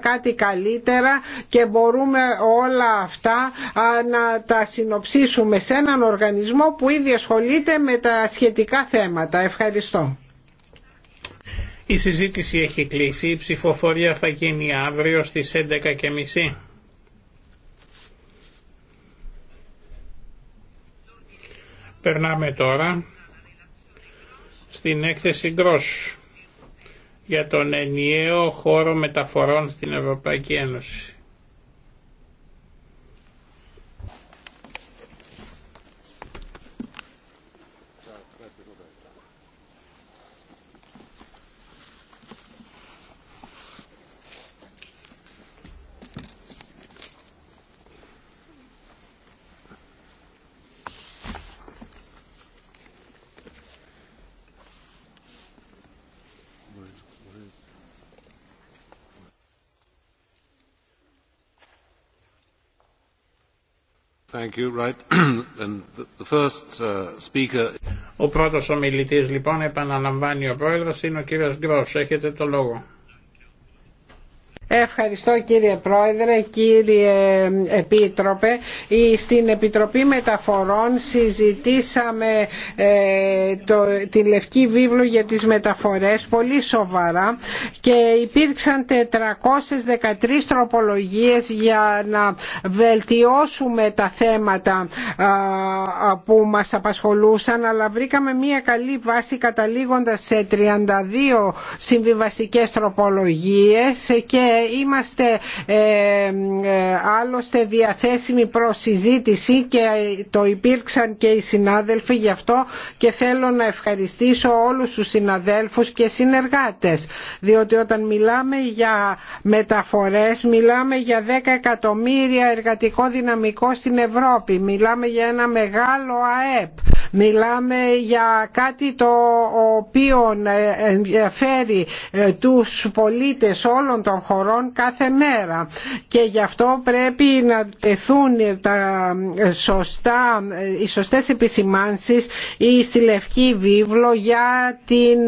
κάτι καλύτερα και μπορούμε όλα αυτά να τα συνοψίσουμε σε έναν οργανισμό που ήδη ασχολείται με τα σχετικά θέματα. Ευχαριστώ. Η συζήτηση έχει κλείσει. Η ψηφοφορία θα γίνει αύριο στις 11.30. Περνάμε τώρα στην έκθεση Gross για τον ενιαίο χώρο μεταφορών στην Ευρωπαϊκή Ένωση. Ο πρώτος ομιλητής λοιπόν επαναλαμβάνει ο πρόεδρος είναι ο κύριος Γκρός. Έχετε το λόγο. Ευχαριστώ κύριε Πρόεδρε, κύριε Επίτροπε. Στην Επιτροπή Μεταφορών συζητήσαμε ε, το, την Λευκή Βίβλο για τις μεταφορές πολύ σοβαρά και υπήρξαν 413 τροπολογίες για να βελτιώσουμε τα θέματα που μας απασχολούσαν αλλά βρήκαμε μια καλή βάση καταλήγοντας σε 32 συμβιβαστικές τροπολογίες και είμαστε ε, ε, άλλωστε διαθέσιμοι προς συζήτηση και το υπήρξαν και οι συνάδελφοι γι' αυτό και θέλω να ευχαριστήσω όλους τους συναδέλφους και συνεργάτες διότι όταν μιλάμε για μεταφορές μιλάμε για 10 εκατομμύρια εργατικό δυναμικό στην Ευρώπη μιλάμε για ένα μεγάλο ΑΕΠ μιλάμε για κάτι το οποίο ενδιαφέρει ε, τους πολίτες όλων των χωρών κάθε μέρα και γι' αυτό πρέπει να τεθούν τα ε, σωστά, ε, οι σωστές επισημάνσεις ή στη Λευκή Βίβλο για την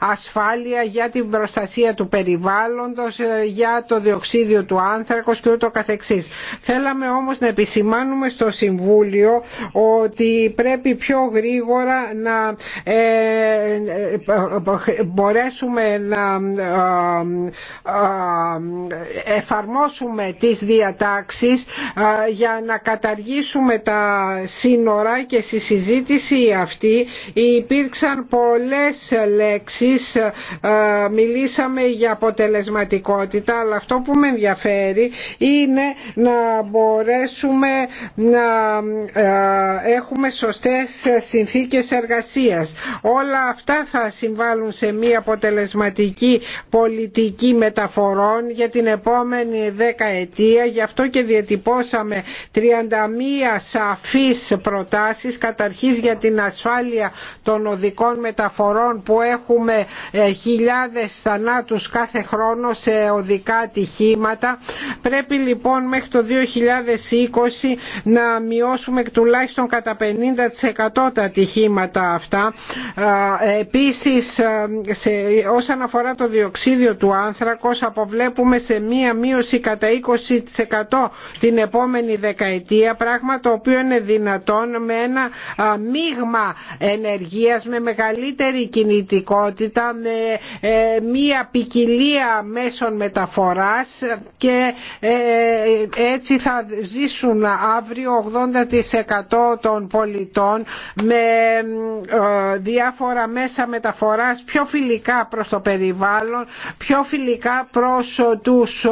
ασφάλεια, για την προστασία του περιβάλλοντος, ε, για το διοξίδιο του άνθρακος και ούτω καθεξής. Θέλαμε όμως να επισημάνουμε στο Συμβούλιο ότι πρέπει πιο γρήγορα να μπορέσουμε να εφαρμόσουμε τις διατάξεις για να καταργήσουμε τα σύνορα και στη συζήτηση αυτή υπήρξαν πολλές λέξεις μιλήσαμε για αποτελεσματικότητα αλλά αυτό που με ενδιαφέρει είναι να μπορέσουμε να έχουμε σωστές συνθήκες εργασίας όλα αυτά θα συμβάλλουν σε μια αποτελεσματική πολιτική μεταφορών για την επόμενη δεκαετία γι' αυτό και διατυπώσαμε 31 σαφείς προτάσεις καταρχής για την ασφάλεια των οδικών μεταφορών που έχουμε ε, χιλιάδες θανάτους κάθε χρόνο σε οδικά ατυχήματα πρέπει λοιπόν μέχρι το 2020 να μειώσουμε τουλάχιστον κατά 50% τα ατυχήματα αυτά επίσης ε, όσον αφορά το διοξίδιο του άνθρακος αποβλέπουμε με σε μία μείωση κατά 20% την επόμενη δεκαετία πράγμα το οποίο είναι δυνατόν με ένα μείγμα ενεργείας με μεγαλύτερη κινητικότητα με ε, μία ποικιλία μέσων μεταφοράς και ε, έτσι θα ζήσουν αύριο 80% των πολιτών με ε, διάφορα μέσα μεταφοράς πιο φιλικά προς το περιβάλλον, πιο φιλικά προς τους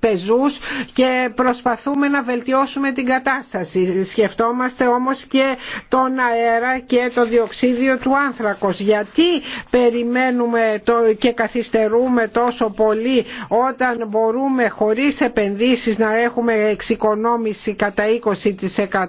πεζούς και προσπαθούμε να βελτιώσουμε την κατάσταση. Σκεφτόμαστε όμως και τον αέρα και το διοξίδιο του άνθρακος. Γιατί περιμένουμε το και καθυστερούμε τόσο πολύ όταν μπορούμε χωρίς επενδύσεις να έχουμε εξοικονόμηση κατά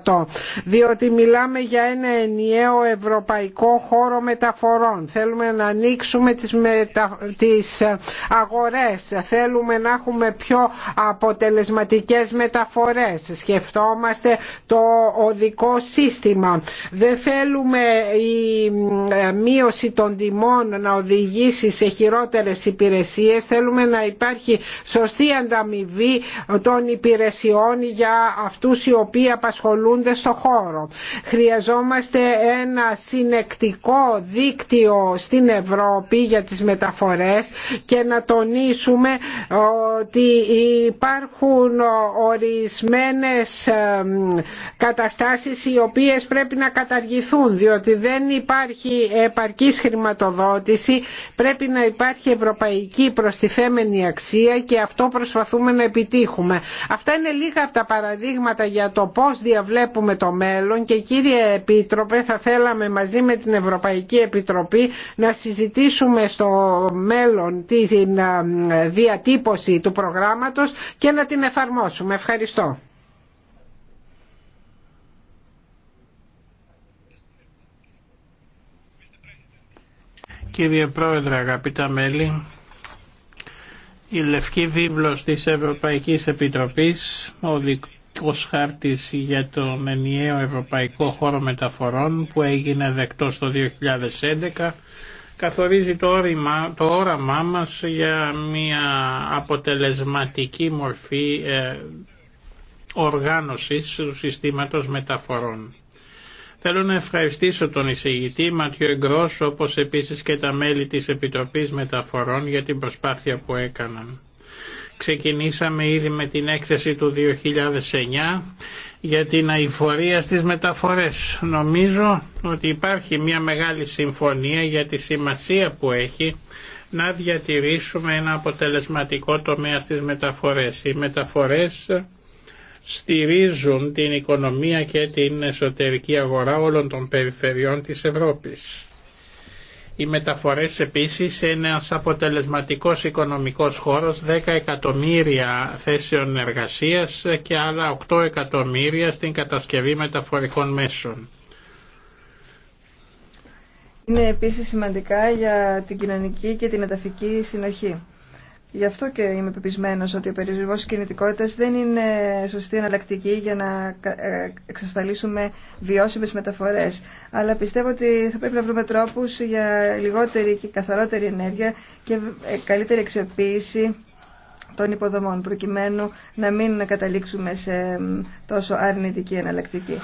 20% διότι μιλάμε για ένα ενιαίο ευρωπαϊκό χώρο μεταφορών. Θέλουμε να ανοίξουμε τις, μετα... τις ε, αγορές θέλουμε να έχουμε πιο αποτελεσματικές μεταφορές, σκεφτόμαστε το οδικό σύστημα. Δεν θέλουμε η ε, μείωση των τιμών να οδηγήσει σε χειρότερες υπηρεσίες, θέλουμε να υπάρχει σωστή ανταμοιβή των υπηρεσιών για αυτούς οι οποίοι απασχολούνται στο χώρο. Χρειαζόμαστε ένα συνεκτικό δίκτυο στην Ευρώπη για τις μεταφορές και να τονίσουμε θυμίσουμε ότι υπάρχουν ορισμένες καταστάσεις οι οποίες πρέπει να καταργηθούν διότι δεν υπάρχει επαρκής χρηματοδότηση πρέπει να υπάρχει ευρωπαϊκή προστιθέμενη αξία και αυτό προσπαθούμε να επιτύχουμε. Αυτά είναι λίγα από τα παραδείγματα για το πώς διαβλέπουμε το μέλλον και κύριε Επίτροπε θα θέλαμε μαζί με την Ευρωπαϊκή Επιτροπή να συζητήσουμε στο μέλλον την διατύπωση του προγράμματος και να την εφαρμόσουμε. Ευχαριστώ. Κύριε Πρόεδρε, αγαπητά μέλη, η Λευκή Βίβλος της Ευρωπαϊκής Επιτροπής, ο δικός χάρτης για τον ενιαίο Ευρωπαϊκό Χώρο Μεταφορών που έγινε δεκτός το 2011, καθορίζει το, το όραμά μας για μια αποτελεσματική μορφή ε, οργάνωσης του συστήματος μεταφορών. Θέλω να ευχαριστήσω τον εισηγητή Ματιό Εγκρός όπως επίσης και τα μέλη της Επιτροπής Μεταφορών για την προσπάθεια που έκαναν. Ξεκινήσαμε ήδη με την έκθεση του 2009 για την αηφορία στις μεταφορές. Νομίζω ότι υπάρχει μια μεγάλη συμφωνία για τη σημασία που έχει να διατηρήσουμε ένα αποτελεσματικό τομέα στις μεταφορές. Οι μεταφορές στηρίζουν την οικονομία και την εσωτερική αγορά όλων των περιφερειών της Ευρώπης. Οι μεταφορές επίσης είναι ένας αποτελεσματικός οικονομικός χώρος, 10 εκατομμύρια θέσεων εργασίας και άλλα 8 εκατομμύρια στην κατασκευή μεταφορικών μέσων. Είναι επίσης σημαντικά για την κοινωνική και την εταφική συνοχή. Γι' αυτό και είμαι πεπισμένο ότι ο περιορισμό τη κινητικότητα δεν είναι σωστή εναλλακτική για να ε, εξασφαλίσουμε βιώσιμε μεταφορέ. Αλλά πιστεύω ότι θα πρέπει να βρούμε τρόπου για λιγότερη και καθαρότερη ενέργεια και ε, καλύτερη αξιοποίηση των υποδομών, προκειμένου να μην καταλήξουμε σε τόσο αρνητική εναλλακτική.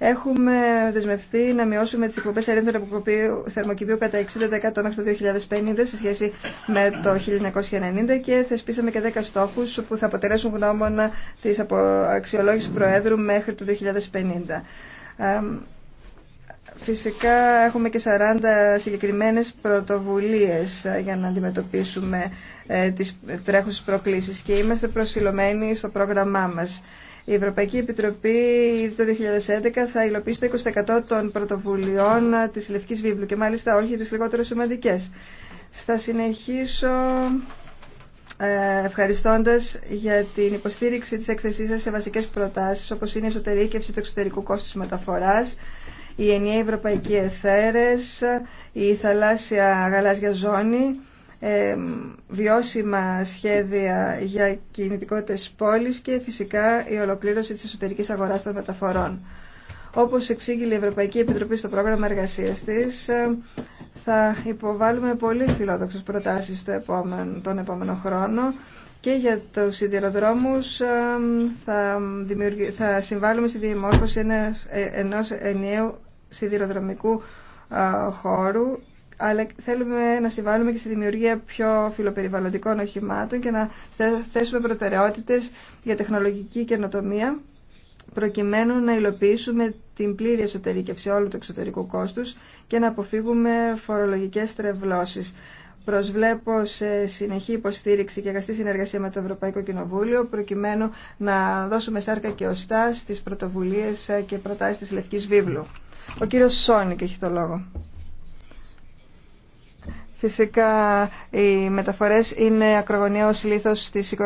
Έχουμε δεσμευτεί να μειώσουμε τι εκπομπέ αερίων θερμοκηπίου κατά 60% μέχρι το 2050 σε σχέση με το 1990 και θεσπίσαμε και 10 στόχου που θα αποτελέσουν γνώμονα τη αξιολόγηση Προέδρου μέχρι το 2050. Φυσικά έχουμε και 40 συγκεκριμένες πρωτοβουλίες ε, για να αντιμετωπίσουμε ε, τις τρέχουσες προκλήσεις και είμαστε προσιλωμένοι στο πρόγραμμά μας. Η Ευρωπαϊκή Επιτροπή ήδη το 2011 θα υλοποιήσει το 20% των πρωτοβουλειών της Λευκής Βίβλου και μάλιστα όχι τις λιγότερο σημαντικές. Θα συνεχίσω ε, ευχαριστώντας για την υποστήριξη της έκθεσής σας σε βασικές προτάσεις όπως είναι η εσωτερήκευση του εξωτερικού κόστους μεταφοράς, η ενιαία ευρωπαϊκή εθέρες, η θαλάσσια γαλάζια ζώνη, ε, βιώσιμα σχέδια για κινητικότητες της πόλης και φυσικά η ολοκλήρωση της εσωτερικής αγοράς των μεταφορών. Όπως εξήγηλε η Ευρωπαϊκή Επιτροπή στο πρόγραμμα εργασίας της, ε, θα υποβάλουμε πολύ φιλόδοξες προτάσεις το επόμενο, τον επόμενο χρόνο και για τους σιδηροδρόμους ε, θα, θα συμβάλλουμε στη δημόρφωση ενός ενιαίου σιδηροδρομικού χώρου αλλά θέλουμε να συμβάλλουμε και στη δημιουργία πιο φιλοπεριβαλλοντικών οχημάτων και να θέσουμε προτεραιότητες για τεχνολογική καινοτομία προκειμένου να υλοποιήσουμε την πλήρη εσωτερήκευση όλου του εξωτερικού κόστους και να αποφύγουμε φορολογικές τρευλώσεις. Προσβλέπω σε συνεχή υποστήριξη και αγαστή συνεργασία με το Ευρωπαϊκό Κοινοβούλιο προκειμένου να δώσουμε σάρκα και οστά στις πρωτοβουλίες και προτάσεις της Λευκής Βίβλου. Ο κύριος Σόνικ έχει το λόγο. Φυσικά οι μεταφορές είναι ακρογωνιαίος λίθος της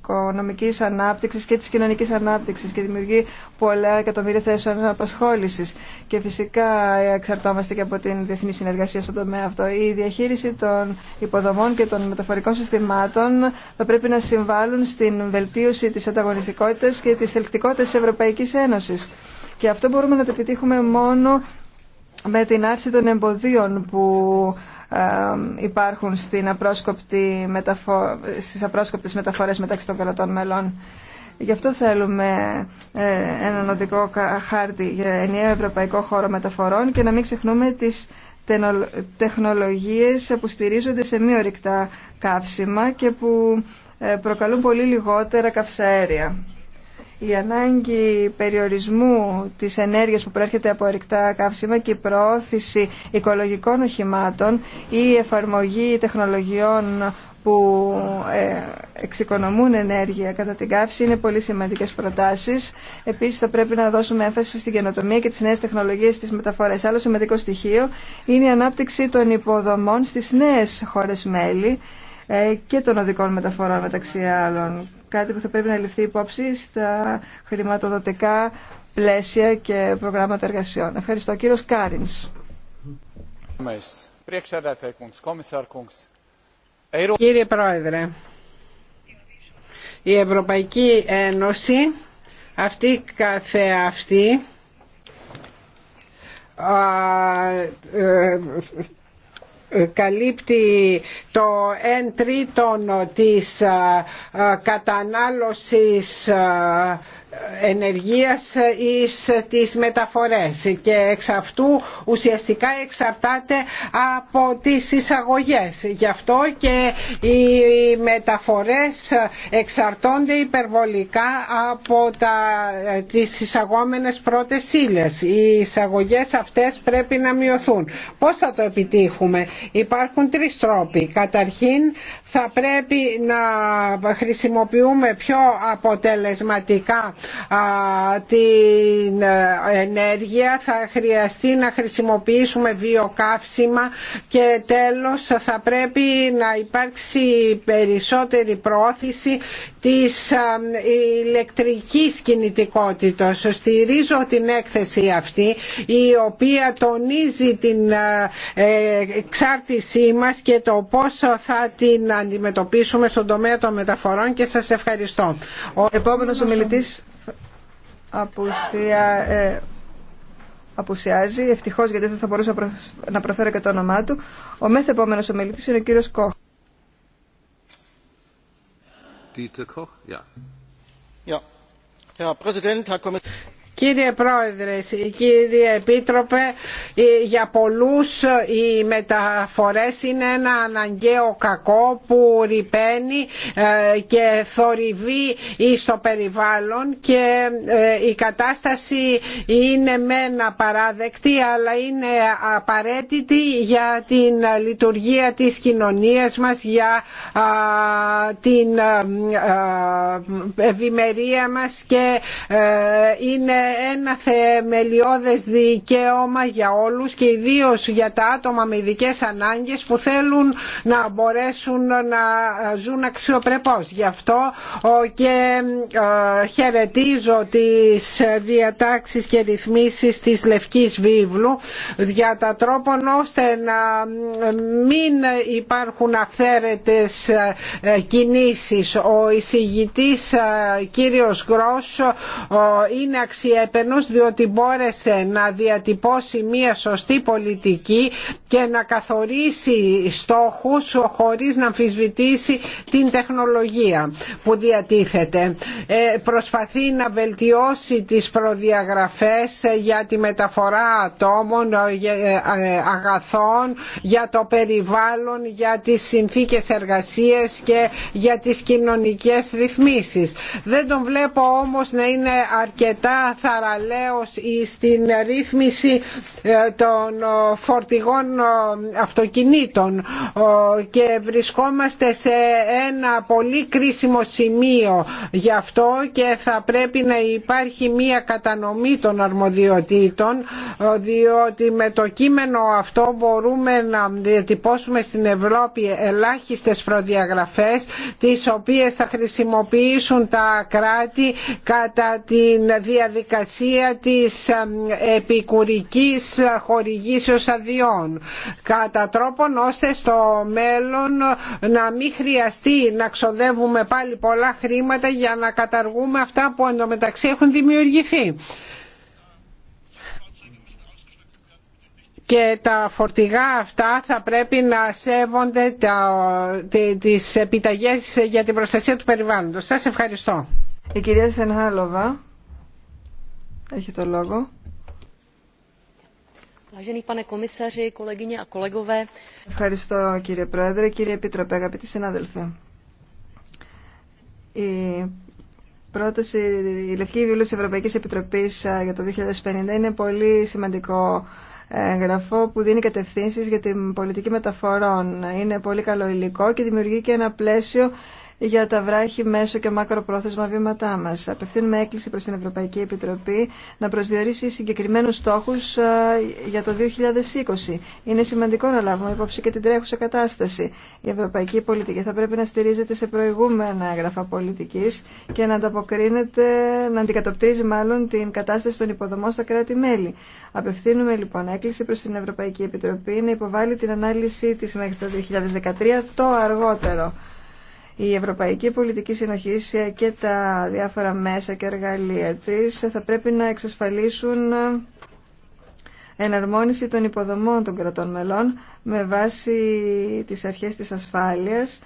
οικονομικής ανάπτυξης και της κοινωνικής ανάπτυξης και δημιουργεί πολλά εκατομμύρια θέσεων απασχόλησης. Και φυσικά εξαρτώμαστε και από την διεθνή συνεργασία στον τομέα αυτό. Η διαχείριση των υποδομών και των μεταφορικών συστημάτων θα πρέπει να συμβάλλουν στην βελτίωση της ανταγωνιστικότητας και της ελκτικότητας της Ευρωπαϊκής Ένωσης. Και αυτό μπορούμε να το επιτύχουμε μόνο με την άρση των εμποδίων που ε, υπάρχουν στην απρόσκοπτη μεταφο... στις απρόσκοπτες μεταφορές μεταξύ των κρατών μελών. Γι' αυτό θέλουμε ε, έναν οδικό χάρτη για ενιαίο ευρωπαϊκό χώρο μεταφορών και να μην ξεχνούμε τις τεχνολογίες που στηρίζονται σε μη ορυκτά καύσιμα και που ε, προκαλούν πολύ λιγότερα καυσαέρια η ανάγκη περιορισμού της ενέργειας που προέρχεται από ορυκτά καύσιμα και η προώθηση οικολογικών οχημάτων ή η εφαρμογή τεχνολογιών που ε, εξοικονομούν ενέργεια κατά την καύση είναι πολύ σημαντικέ προτάσει. Επίση, θα πρέπει να δώσουμε έμφαση στην καινοτομία και τι νέε τεχνολογίε τη μεταφορέ. Άλλο σημαντικό στοιχείο είναι η ανάπτυξη των υποδομών στι νέε χώρε μέλη ε, και των οδικών μεταφορών μεταξύ άλλων κάτι που θα πρέπει να ληφθεί υπόψη στα χρηματοδοτικά πλαίσια και προγράμματα εργασιών. Ευχαριστώ. Κύριος Κάρινς. Κύριε Πρόεδρε, η Ευρωπαϊκή Ένωση αυτή καθεαυτή ε, καλύπτει το 1 τρίτον της ε, κατανάλωσης ε, ενεργείας εις τις μεταφορές και εξ αυτού ουσιαστικά εξαρτάται από τις εισαγωγές. Γι' αυτό και οι μεταφορές εξαρτώνται υπερβολικά από τα, τις εισαγόμενες πρώτες ύλες. Οι εισαγωγές αυτές πρέπει να μειωθούν. Πώς θα το επιτύχουμε. Υπάρχουν τρεις τρόποι. Καταρχήν θα πρέπει να χρησιμοποιούμε πιο αποτελεσματικά την ε, ενέργεια θα χρειαστεί να χρησιμοποιήσουμε βιοκαύσιμα και τέλος θα πρέπει να υπάρξει περισσότερη πρόθεση της ηλεκτρικής κινητικότητας. Στηρίζω την έκθεση αυτή η οποία τονίζει την ε, εξάρτησή μας και το πώς θα την αντιμετωπίσουμε στον τομέα των μεταφορών και σας ευχαριστώ. Ο επόμενος ομιλητής απουσία, ε, απουσιάζει, ευτυχώς γιατί δεν θα μπορούσα να προφέρω και το όνομά του. Ο μέθε επόμενο ομιλητή είναι ο κύριο Κοχ. Dieter Koch, ja. Ja. Herr Präsident, Herr Kommissar. Κύριε Πρόεδρε, κύριε Επίτροπε, ε, για πολλούς ε, οι μεταφορές είναι ένα αναγκαίο κακό που ρηπαίνει ε, και θορυβεί στο περιβάλλον και η κατάσταση είναι μεν παράδεκτη αλλά είναι απαραίτητη για την λειτουργία της κοινωνίας μας, για την ευημερία μας και είναι ένα θεμελιώδες δικαίωμα για όλους και ιδίως για τα άτομα με ειδικέ ανάγκες που θέλουν να μπορέσουν να ζουν αξιοπρεπώς. Γι' αυτό και ε, χαιρετίζω τις διατάξεις και ρυθμίσεις της Λευκής Βίβλου για τα τρόπον ώστε να μην υπάρχουν αυθαίρετες ε, κινήσεις. Ο εισηγητής ε, κύριος Γκρός είναι έπαινος διότι μπόρεσε να διατυπώσει μία σωστή πολιτική και να καθορίσει στόχους χωρίς να αμφισβητήσει την τεχνολογία που διατίθεται. Ε, προσπαθεί να βελτιώσει τις προδιαγραφές για τη μεταφορά ατόμων, ε, ε, αγαθών, για το περιβάλλον, για τις συνθήκες εργασίας και για τις κοινωνικές ρυθμίσεις. Δεν τον βλέπω όμως να είναι αρκετά θαραλέως στην ρύθμιση ε, των ε, φορτηγών ε, αυτοκινήτων και βρισκόμαστε σε ένα πολύ κρίσιμο σημείο γι' αυτό και θα πρέπει να υπάρχει μία κατανομή των αρμοδιοτήτων διότι με το κείμενο αυτό μπορούμε να διατυπώσουμε στην Ευρώπη ελάχιστες προδιαγραφές τις οποίες θα χρησιμοποιήσουν τα κράτη κατά την διαδικασία διαδικασία της επικουρικής χορηγήσεως αδειών κατά τρόπον ώστε στο μέλλον να μην χρειαστεί να ξοδεύουμε πάλι πολλά χρήματα για να καταργούμε αυτά που εντωμεταξύ έχουν δημιουργηθεί. και τα φορτηγά αυτά θα πρέπει να σέβονται τα, τις επιταγές για την προστασία του περιβάλλοντος. Σας ευχαριστώ. Η κυρία έχει το λόγο. Ευχαριστώ κύριε Πρόεδρε, κύριε Επίτροπε, αγαπητοί συνάδελφοι. Η πρόταση, η Λευκή Βιβλία της Ευρωπαϊκής Επιτροπής ε, για το 2050 είναι πολύ σημαντικό εγγραφό που δίνει κατευθύνσεις για την πολιτική μεταφορών. Είναι πολύ καλό υλικό και δημιουργεί και ένα πλαίσιο για τα βράχη μέσο και μακροπρόθεσμα βήματά μα. Απευθύνουμε έκκληση προ την Ευρωπαϊκή Επιτροπή να προσδιορίσει συγκεκριμένου στόχου ε, για το 2020. Είναι σημαντικό να λάβουμε υπόψη και την τρέχουσα κατάσταση. Η ευρωπαϊκή πολιτική θα πρέπει να στηρίζεται σε προηγούμενα έγγραφα πολιτική και να ανταποκρίνεται, να αντικατοπτρίζει μάλλον την κατάσταση των υποδομών στα κράτη-μέλη. Απευθύνουμε λοιπόν έκκληση προ την Ευρωπαϊκή Επιτροπή να υποβάλει την ανάλυση τη μέχρι το 2013 το αργότερο. Η ευρωπαϊκή πολιτική συνοχή και τα διάφορα μέσα και εργαλεία της θα πρέπει να εξασφαλίσουν εναρμόνιση των υποδομών των κρατών μελών με βάση τις αρχές της ασφάλειας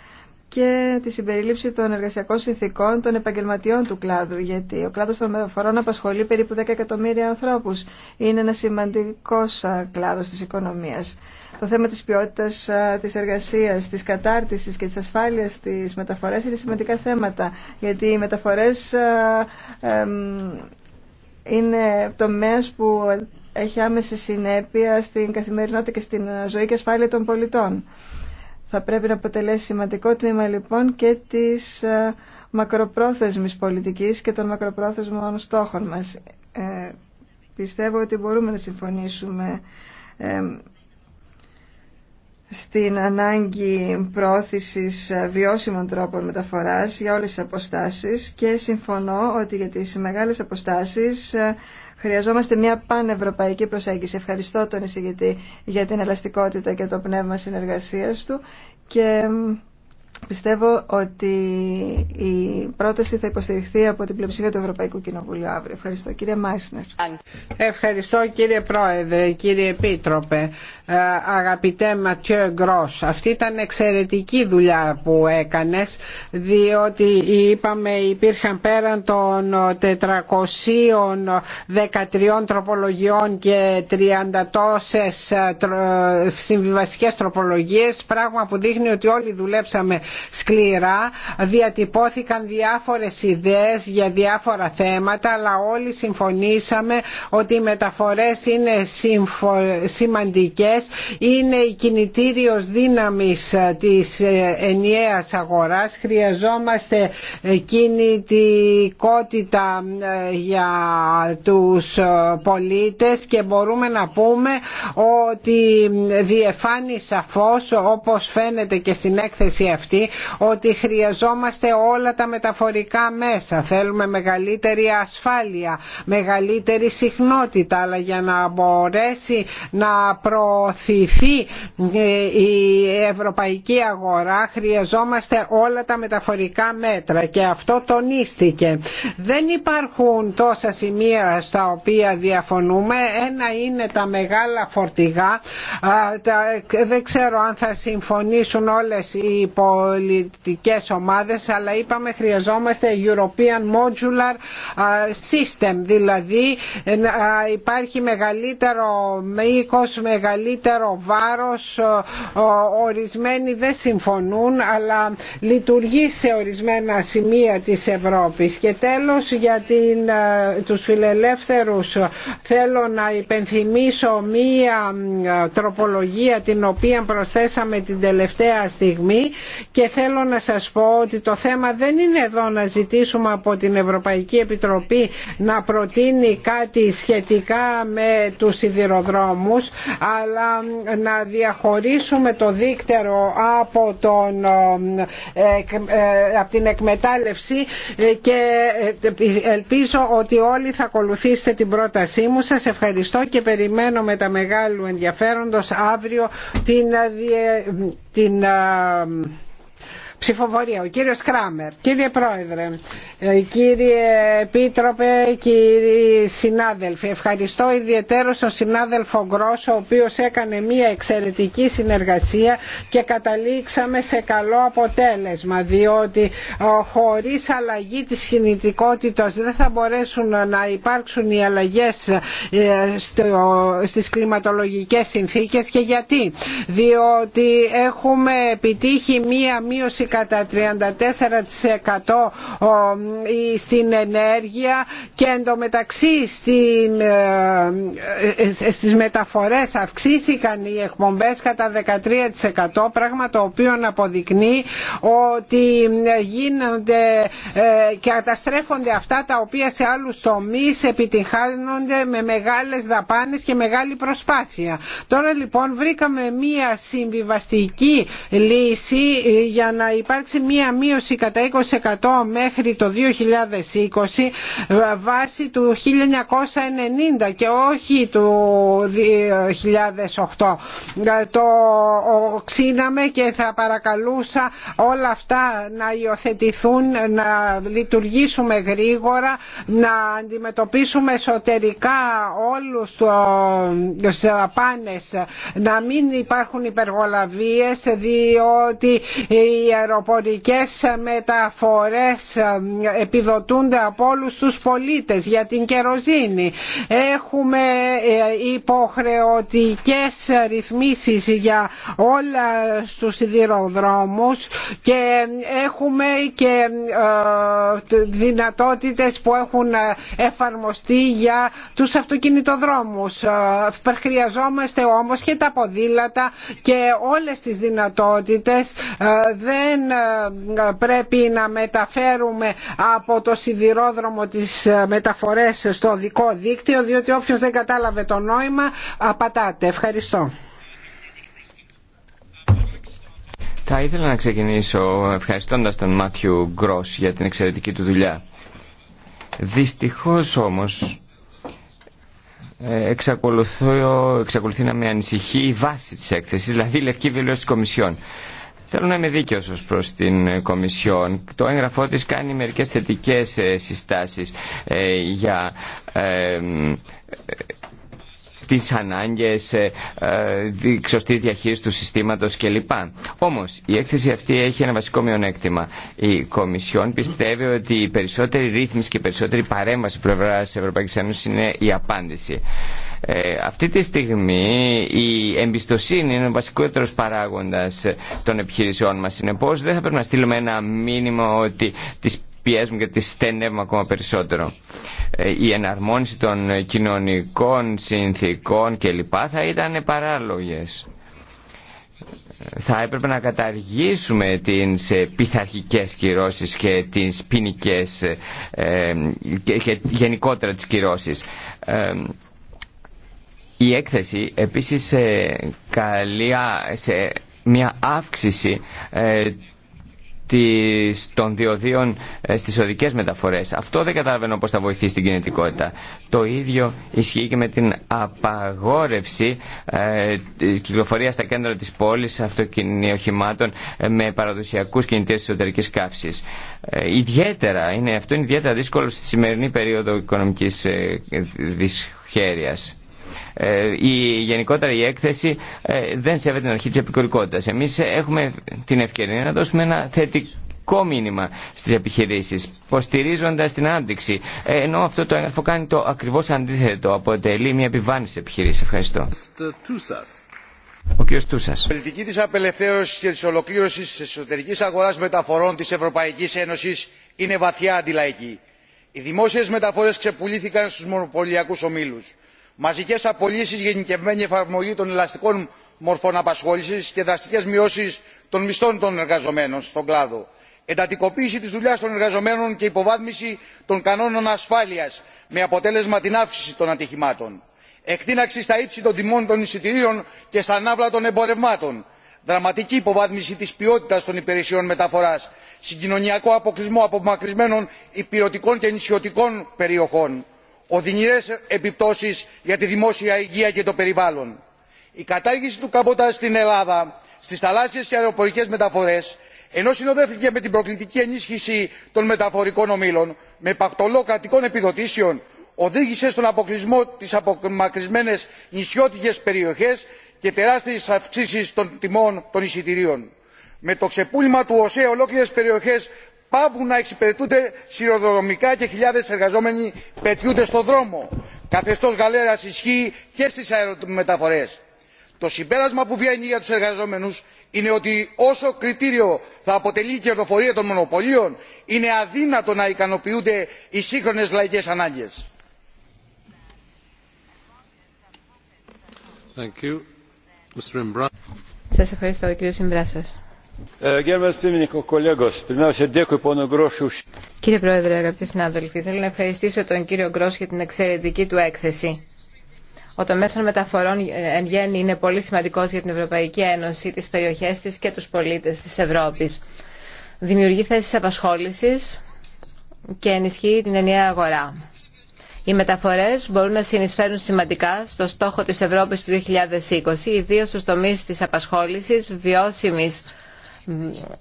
και τη συμπερίληψη των εργασιακών συνθήκων των επαγγελματιών του κλάδου, γιατί ο κλάδος των μεταφορών απασχολεί περίπου 10 εκατομμύρια ανθρώπους. Είναι ένα σημαντικός κλάδος της οικονομίας. Το θέμα της ποιότητα της εργασίας, της κατάρτισης και της ασφάλειας στις μεταφορές είναι σημαντικά θέματα, γιατί οι μεταφορέ είναι τομέα που έχει άμεση συνέπεια στην καθημερινότητα και στην ζωή και ασφάλεια των πολιτών. Θα πρέπει να αποτελέσει σημαντικό τμήμα λοιπόν και της ε, μακροπρόθεσμης πολιτικής και των μακροπρόθεσμων στόχων μας. Ε, πιστεύω ότι μπορούμε να συμφωνήσουμε ε, στην ανάγκη πρόθεσης ε, βιώσιμων τρόπων μεταφοράς για όλες τις αποστάσεις και συμφωνώ ότι για τις μεγάλες αποστάσεις χρειαζόμαστε μια πανευρωπαϊκή προσέγγιση. Ευχαριστώ τον εισηγητή για την ελαστικότητα και το πνεύμα συνεργασίας του και Πιστεύω ότι η πρόταση θα υποστηριχθεί από την πλειοψηφία του Ευρωπαϊκού Κοινοβουλίου αύριο. Ευχαριστώ κύριε Μάισνερ. Ευχαριστώ κύριε Πρόεδρε, κύριε Επίτροπε, ε, αγαπητέ Ματιό Γκρός. Αυτή ήταν εξαιρετική δουλειά που έκανες, διότι είπαμε υπήρχαν πέραν των 413 τροπολογιών και 30 τόσες συμβιβασικές τροπολογίες, πράγμα που δείχνει ότι όλοι δουλέψαμε σκληρά διατυπώθηκαν διάφορες ιδέες για διάφορα θέματα αλλά όλοι συμφωνήσαμε ότι οι μεταφορές είναι σημαντικές είναι η κινητήριος δύναμης ε, της ε, ενιαίας αγοράς χρειαζόμαστε ε, κινητικότητα για τους πολίτες και μπορούμε να πούμε ότι διεφάνει σαφώς όπως φαίνεται και στην έκθεση αυτή ότι χρειαζόμαστε όλα τα μεταφορικά μέσα. Θέλουμε μεγαλύτερη ασφάλεια, μεγαλύτερη συχνότητα, αλλά για να μπορέσει να προωθηθεί ε, η ευρωπαϊκή αγορά χρειαζόμαστε όλα τα μεταφορικά μέτρα και αυτό τονίστηκε. Δεν υπάρχουν τόσα σημεία στα οποία διαφωνούμε. Ένα είναι τα μεγάλα φορτηγά. Δεν ξέρω αν θα συμφωνήσουν όλες οι πολιτικές ομάδες αλλά είπαμε χρειαζόμαστε European Modular System δηλαδή υπάρχει μεγαλύτερο μήκος, μεγαλύτερο βάρος ορισμένοι δεν συμφωνούν αλλά λειτουργεί σε ορισμένα σημεία της Ευρώπης και τέλος για την, τους φιλελεύθερους θέλω να υπενθυμίσω μία τροπολογία την οποία προσθέσαμε την τελευταία στιγμή και θέλω να σας πω ότι το θέμα δεν είναι εδώ να ζητήσουμε από την Ευρωπαϊκή Επιτροπή να προτείνει κάτι σχετικά με τους σιδηροδρόμους αλλά να διαχωρίσουμε το δίκτερο από, τον, ε, ε, από την εκμετάλλευση και ε, ελπίζω ότι όλοι θα ακολουθήσετε την πρότασή μου. Σας ευχαριστώ και περιμένω με τα μεγάλου ενδιαφέροντος αύριο την, την ψηφοφορία. Ο κύριος Κράμερ. Κύριε Πρόεδρε, ε, κύριε Επίτροπε, κύριοι συνάδελφοι, ευχαριστώ ιδιαιτέρως τον συνάδελφο Γκρός, ο οποίος έκανε μια εξαιρετική συνεργασία και καταλήξαμε σε καλό αποτέλεσμα, διότι ε, χωρίς αλλαγή της κινητικότητας δεν θα μπορέσουν να υπάρξουν οι αλλαγές ε, στις κλιματολογικές συνθήκες και γιατί, διότι έχουμε επιτύχει μία μείωση κατά 34% στην ενέργεια και εντωμεταξύ στην, ε, ε, στις μεταφορές αυξήθηκαν οι εκπομπές κατά 13% πράγμα το οποίο αποδεικνύει ότι ε, γίνονται και καταστρέφονται αυτά τα οποία σε άλλους τομείς επιτυχάνονται με μεγάλες δαπάνες και μεγάλη προσπάθεια. Τώρα λοιπόν βρήκαμε μία συμβιβαστική λύση για να υπάρξει μία μείωση κατά 20% μέχρι το 2020 βάσει του 1990 και όχι του 2008. Το ξύναμε και θα παρακαλούσα όλα αυτά να υιοθετηθούν, να λειτουργήσουμε γρήγορα, να αντιμετωπίσουμε εσωτερικά όλους τους απάνες, να μην υπάρχουν υπεργολαβίες διότι η αεροπορικές αεροπορικές μεταφορές ε, επιδοτούνται από όλους τους πολίτες για την κεροζίνη. Έχουμε ε, υποχρεωτικές ρυθμίσεις για όλα τους σιδηροδρόμους και έχουμε και ε, δυνατότητες που έχουν εφαρμοστεί για τους αυτοκινητοδρόμους. Χρειαζόμαστε όμως και τα ποδήλατα και όλες τις δυνατότητες δεν δεν ε, πρέπει να μεταφέρουμε από το σιδηρόδρομο τις ε, μεταφορές στο δικό δίκτυο διότι όποιος δεν κατάλαβε το νόημα απατάτε. Ευχαριστώ. Θα ήθελα να ξεκινήσω ευχαριστώντας τον Μάτιου Γκρός για την εξαιρετική του δουλειά. Δυστυχώς όμως ε, εξακολουθεί να με ανησυχεί η βάση της έκθεσης, δηλαδή η λευκή βιβλία της Θέλω να είμαι δίκαιο ω προ την ε, Κομισιόν. Το έγγραφό τη κάνει μερικέ θετικέ ε, συστάσει ε, για τις ανάγκες ε, ε, σωστή διαχείρισης του συστήματος κλπ. Όμως η έκθεση αυτή έχει ένα βασικό μειονέκτημα. Η Κομισιόν πιστεύει ότι η περισσότερη ρύθμιση και η περισσότερη παρέμβαση πλευρά της Ευρωπαϊκής Ένωσης είναι η απάντηση. Ε, αυτή τη στιγμή η εμπιστοσύνη είναι ο βασικότερος παράγοντας των επιχειρήσεών μας. Συνεπώς δεν θα πρέπει να στείλουμε ένα μήνυμα ότι τις πιέζουν και τις στενεύουμε ακόμα περισσότερο. Ε, η εναρμόνιση των κοινωνικών συνθήκων κλπ. θα ήταν παράλογες. Θα έπρεπε να καταργήσουμε τις ε, πειθαρχικές κυρώσεις και τις ποινικέ ε, και γενικότερα τις κυρώσεις. Η έκθεση επίσης καλεί σε μια αύξηση των διοδίων ε, στις οδικές μεταφορές. Αυτό δεν καταλαβαίνω πώς θα βοηθήσει την κινητικότητα. Το ίδιο ισχύει και με την απαγόρευση ε, της κυκλοφορίας στα κέντρα της πόλης αυτοκινητοχημάτων ε, με παραδοσιακούς κινητές εσωτερικής καύσης. Ε, ιδιαίτερα, είναι, αυτό είναι ιδιαίτερα δύσκολο στη σημερινή περίοδο οικονομικής ε, δυσχέρειας. Ε, η, γενικότερα η έκθεση ε, δεν σέβεται την αρχή της επικουρικότητας. Εμείς έχουμε την ευκαιρία να δώσουμε ένα θετικό μήνυμα στι επιχειρήσει, υποστηρίζοντα την ανάπτυξη. Ε, ενώ αυτό το έγγραφο κάνει το ακριβώ αντίθετο, αποτελεί μια επιβάνηση επιχειρήσης. Ευχαριστώ. Ο κ. Τούσα. Η πολιτική τη απελευθέρωση και τη ολοκλήρωση τη εσωτερική αγορά μεταφορών τη Ευρωπαϊκή Ένωση είναι βαθιά αντιλαϊκή. Οι δημόσιε μεταφορέ ξεπουλήθηκαν στου μονοπωλιακού ομίλου μαζικέ απολύσει γενικευμένη εφαρμογή των ελαστικών μορφών απασχόληση και δραστικέ μειώσει των μισθών των εργαζομένων στον κλάδο εντατικοποίηση τη δουλειά των εργαζομένων και υποβάθμιση των κανόνων ασφάλεια με αποτέλεσμα την αύξηση των ατυχημάτων εκτείναξη στα ύψη των τιμών των εισιτηρίων και στα ανάβλα των εμπορευμάτων δραματική υποβάθμιση της ποιότητας των υπηρεσιών μεταφοράς συγκοινωνιακό αποκλεισμό απομακρυσμένων υπηρετικών και νησιωτικών περιοχών οδυνηρές επιπτώσεις για τη δημόσια υγεία και το περιβάλλον. η κατάργηση του καμποτάζ στην ελλάδα στις θαλάσσιες και αεροπορικές μεταφορές ενώ συνοδεύτηκε με την προκλητική ενίσχυση των μεταφορικών ομίλων με πακτολό κρατικών επιδοτήσεων οδήγησε στον αποκλεισμό της απομακρυσμένες νησιώτικες περιοχές και τεράστιες αυξήσεις των τιμών των εισιτηρίων. με το ξεπούλημα του οσε ολόκληρες περιοχές πάβουν να εξυπηρετούνται σιδηροδρομικά και χιλιάδες εργαζόμενοι πετιούνται στον δρόμο. καθεστώς γαλέρας ισχύει και στις αερομεταφορές. το συμπέρασμα που βγαίνει για τους εργαζόμενους είναι ότι όσο κριτήριο θα αποτελεί η κερδοφορία των μονοπωλίων είναι αδύνατο να ικανοποιούνται οι σύγχρονες λαϊκέ ανάγκε. Ε, Κύριε Πρόεδρε, αγαπητοί συνάδελφοι, θέλω να ευχαριστήσω τον κύριο Γκρός για την εξαιρετική του έκθεση. Ο τομέα των μεταφορών ε, εν γέννη είναι πολύ σημαντικό για την Ευρωπαϊκή Ένωση, τι περιοχέ τη και του πολίτε τη Ευρώπη. Δημιουργεί θέσει απασχόληση και ενισχύει την ενιαία αγορά. Οι μεταφορέ μπορούν να συνεισφέρουν σημαντικά στο στόχο τη Ευρώπη του 2020, ιδίω στου τομεί τη απασχόληση, βιώσιμη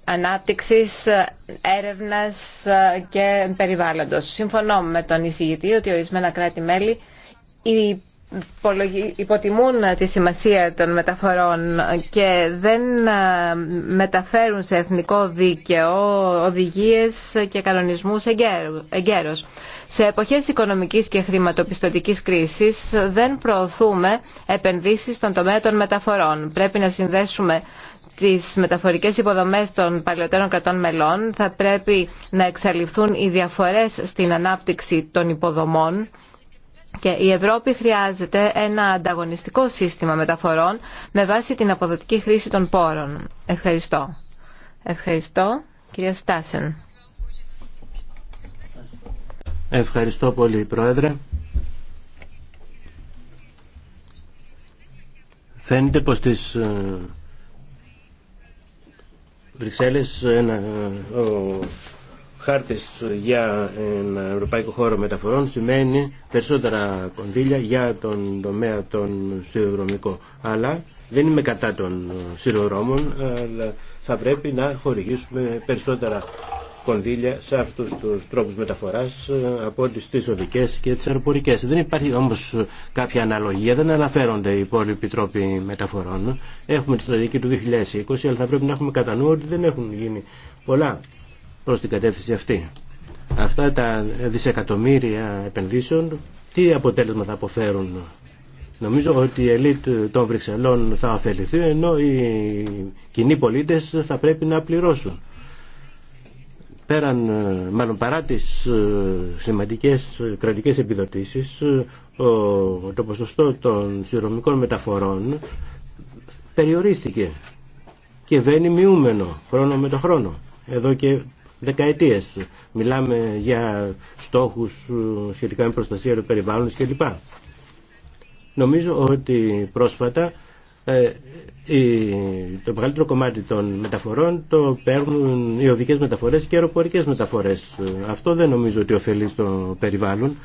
ανάπτυξης, έρευνας και περιβάλλοντος. Συμφωνώ με τον εισηγητή ότι ορισμένα κράτη-μέλη υποτιμούν τη σημασία των μεταφορών και δεν ε, μεταφέρουν σε εθνικό δίκαιο οδηγίες και κανονισμούς εγκαίρως. Σε εποχές οικονομικής και χρηματοπιστωτικής κρίσης δεν προωθούμε επενδύσεις στον τομέα των μεταφορών. Πρέπει να συνδέσουμε τις μεταφορικές υποδομές των παλαιότερων κρατών μελών θα πρέπει να εξαλειφθούν οι διαφορές στην ανάπτυξη των υποδομών και η Ευρώπη χρειάζεται ένα ανταγωνιστικό σύστημα μεταφορών με βάση την αποδοτική χρήση των πόρων. Ευχαριστώ. Ευχαριστώ. Κυρία Στάσεν. Ευχαριστώ πολύ, Πρόεδρε. Φαίνεται πως τις ε, Βρυξέλλες, ένα, ο χάρτης για ένα ευρωπαϊκό χώρο μεταφορών σημαίνει περισσότερα κονδύλια για τον τομέα των σιδηροδρομικών. Αλλά δεν είμαι κατά των σιδηροδρόμων, αλλά θα πρέπει να χορηγήσουμε περισσότερα κονδύλια σε αυτούς τους τρόπους μεταφοράς ε, από τις, τις οδικές και τις αεροπορικές. Δεν υπάρχει όμως κάποια αναλογία, δεν αναφέρονται οι υπόλοιποι τρόποι μεταφορών. Έχουμε τη στρατηγική του 2020, αλλά θα πρέπει να έχουμε κατά νου ότι δεν έχουν γίνει πολλά προς την κατεύθυνση αυτή. Αυτά τα δισεκατομμύρια επενδύσεων, τι αποτέλεσμα θα αποφέρουν. Νομίζω ότι η ελίτ των Βρυξελών θα ωφεληθεί, ενώ οι κοινοί πολίτες θα πρέπει να πληρώσουν πέραν, ε, μάλλον παρά τις ε, σημαντικές ε, κρατικές επιδοτήσεις, το ποσοστό των συνδρομικών μεταφορών περιορίστηκε και βαίνει μειούμενο χρόνο με το χρόνο. Εδώ και δεκαετίες μιλάμε για στόχους σχετικά με προστασία του περιβάλλοντος κλπ. Νομίζω ότι πρόσφατα ε, το μεγαλύτερο κομμάτι των μεταφορών το παίρνουν οι οδικές μεταφορές και οι αεροπορικές μεταφορές. Αυτό δεν νομίζω ότι ωφελεί στο περιβάλλον.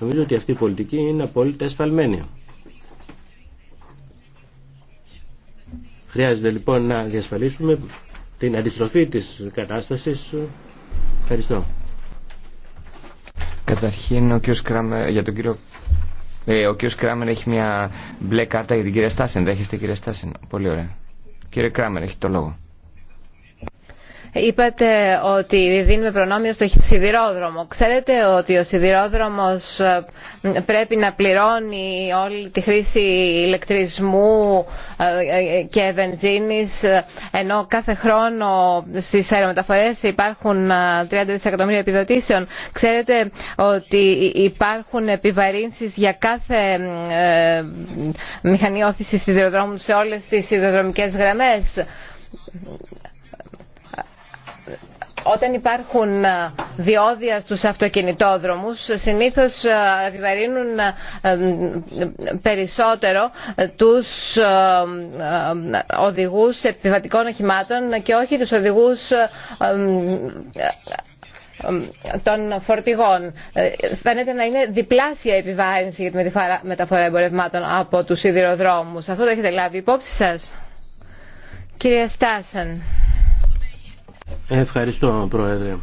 Νομίζω ότι αυτή η πολιτική είναι απόλυτα εσφαλμένη. Χρειάζεται λοιπόν να διασφαλίσουμε την αντιστροφή της κατάστασης. Ευχαριστώ. Καταρχήν ο κύριος Κράμερ, για τον κύριο ε, ο κύριο Κράμερ έχει μια μπλε κάρτα για την κυρία Στάσεν. Δέχεστε κυρία Στάσεν. Πολύ ωραία. Κύριε Κράμερ, έχει το λόγο. Είπατε ότι δίνουμε προνόμιο στο σιδηρόδρομο. Ξέρετε ότι ο σιδηρόδρομος ε, πρέπει να πληρώνει όλη τη χρήση ηλεκτρισμού ε, ε, και βενζίνης, ενώ κάθε χρόνο στις αερομεταφορές υπάρχουν 30 δισεκατομμύρια επιδοτήσεων. Ξέρετε ότι υπάρχουν επιβαρύνσεις για κάθε μηχανή όθηση σιδηροδρόμου σε όλες τις σιδηροδρομικές γραμμές όταν υπάρχουν ε, διόδια στους αυτοκινητόδρομους συνήθως βαρύνουν ε, ε, περισσότερο τους οδηγούς επιβατικών οχημάτων και όχι τους οδηγούς των φορτηγών. Φαίνεται να είναι διπλάσια επιβάρυνση για τη μεταφορά εμπορευμάτων από τους σιδηροδρόμους. Αυτό το έχετε λάβει υπόψη σας. Κυρία Στάσεν. Ευχαριστώ, Πρόεδρε.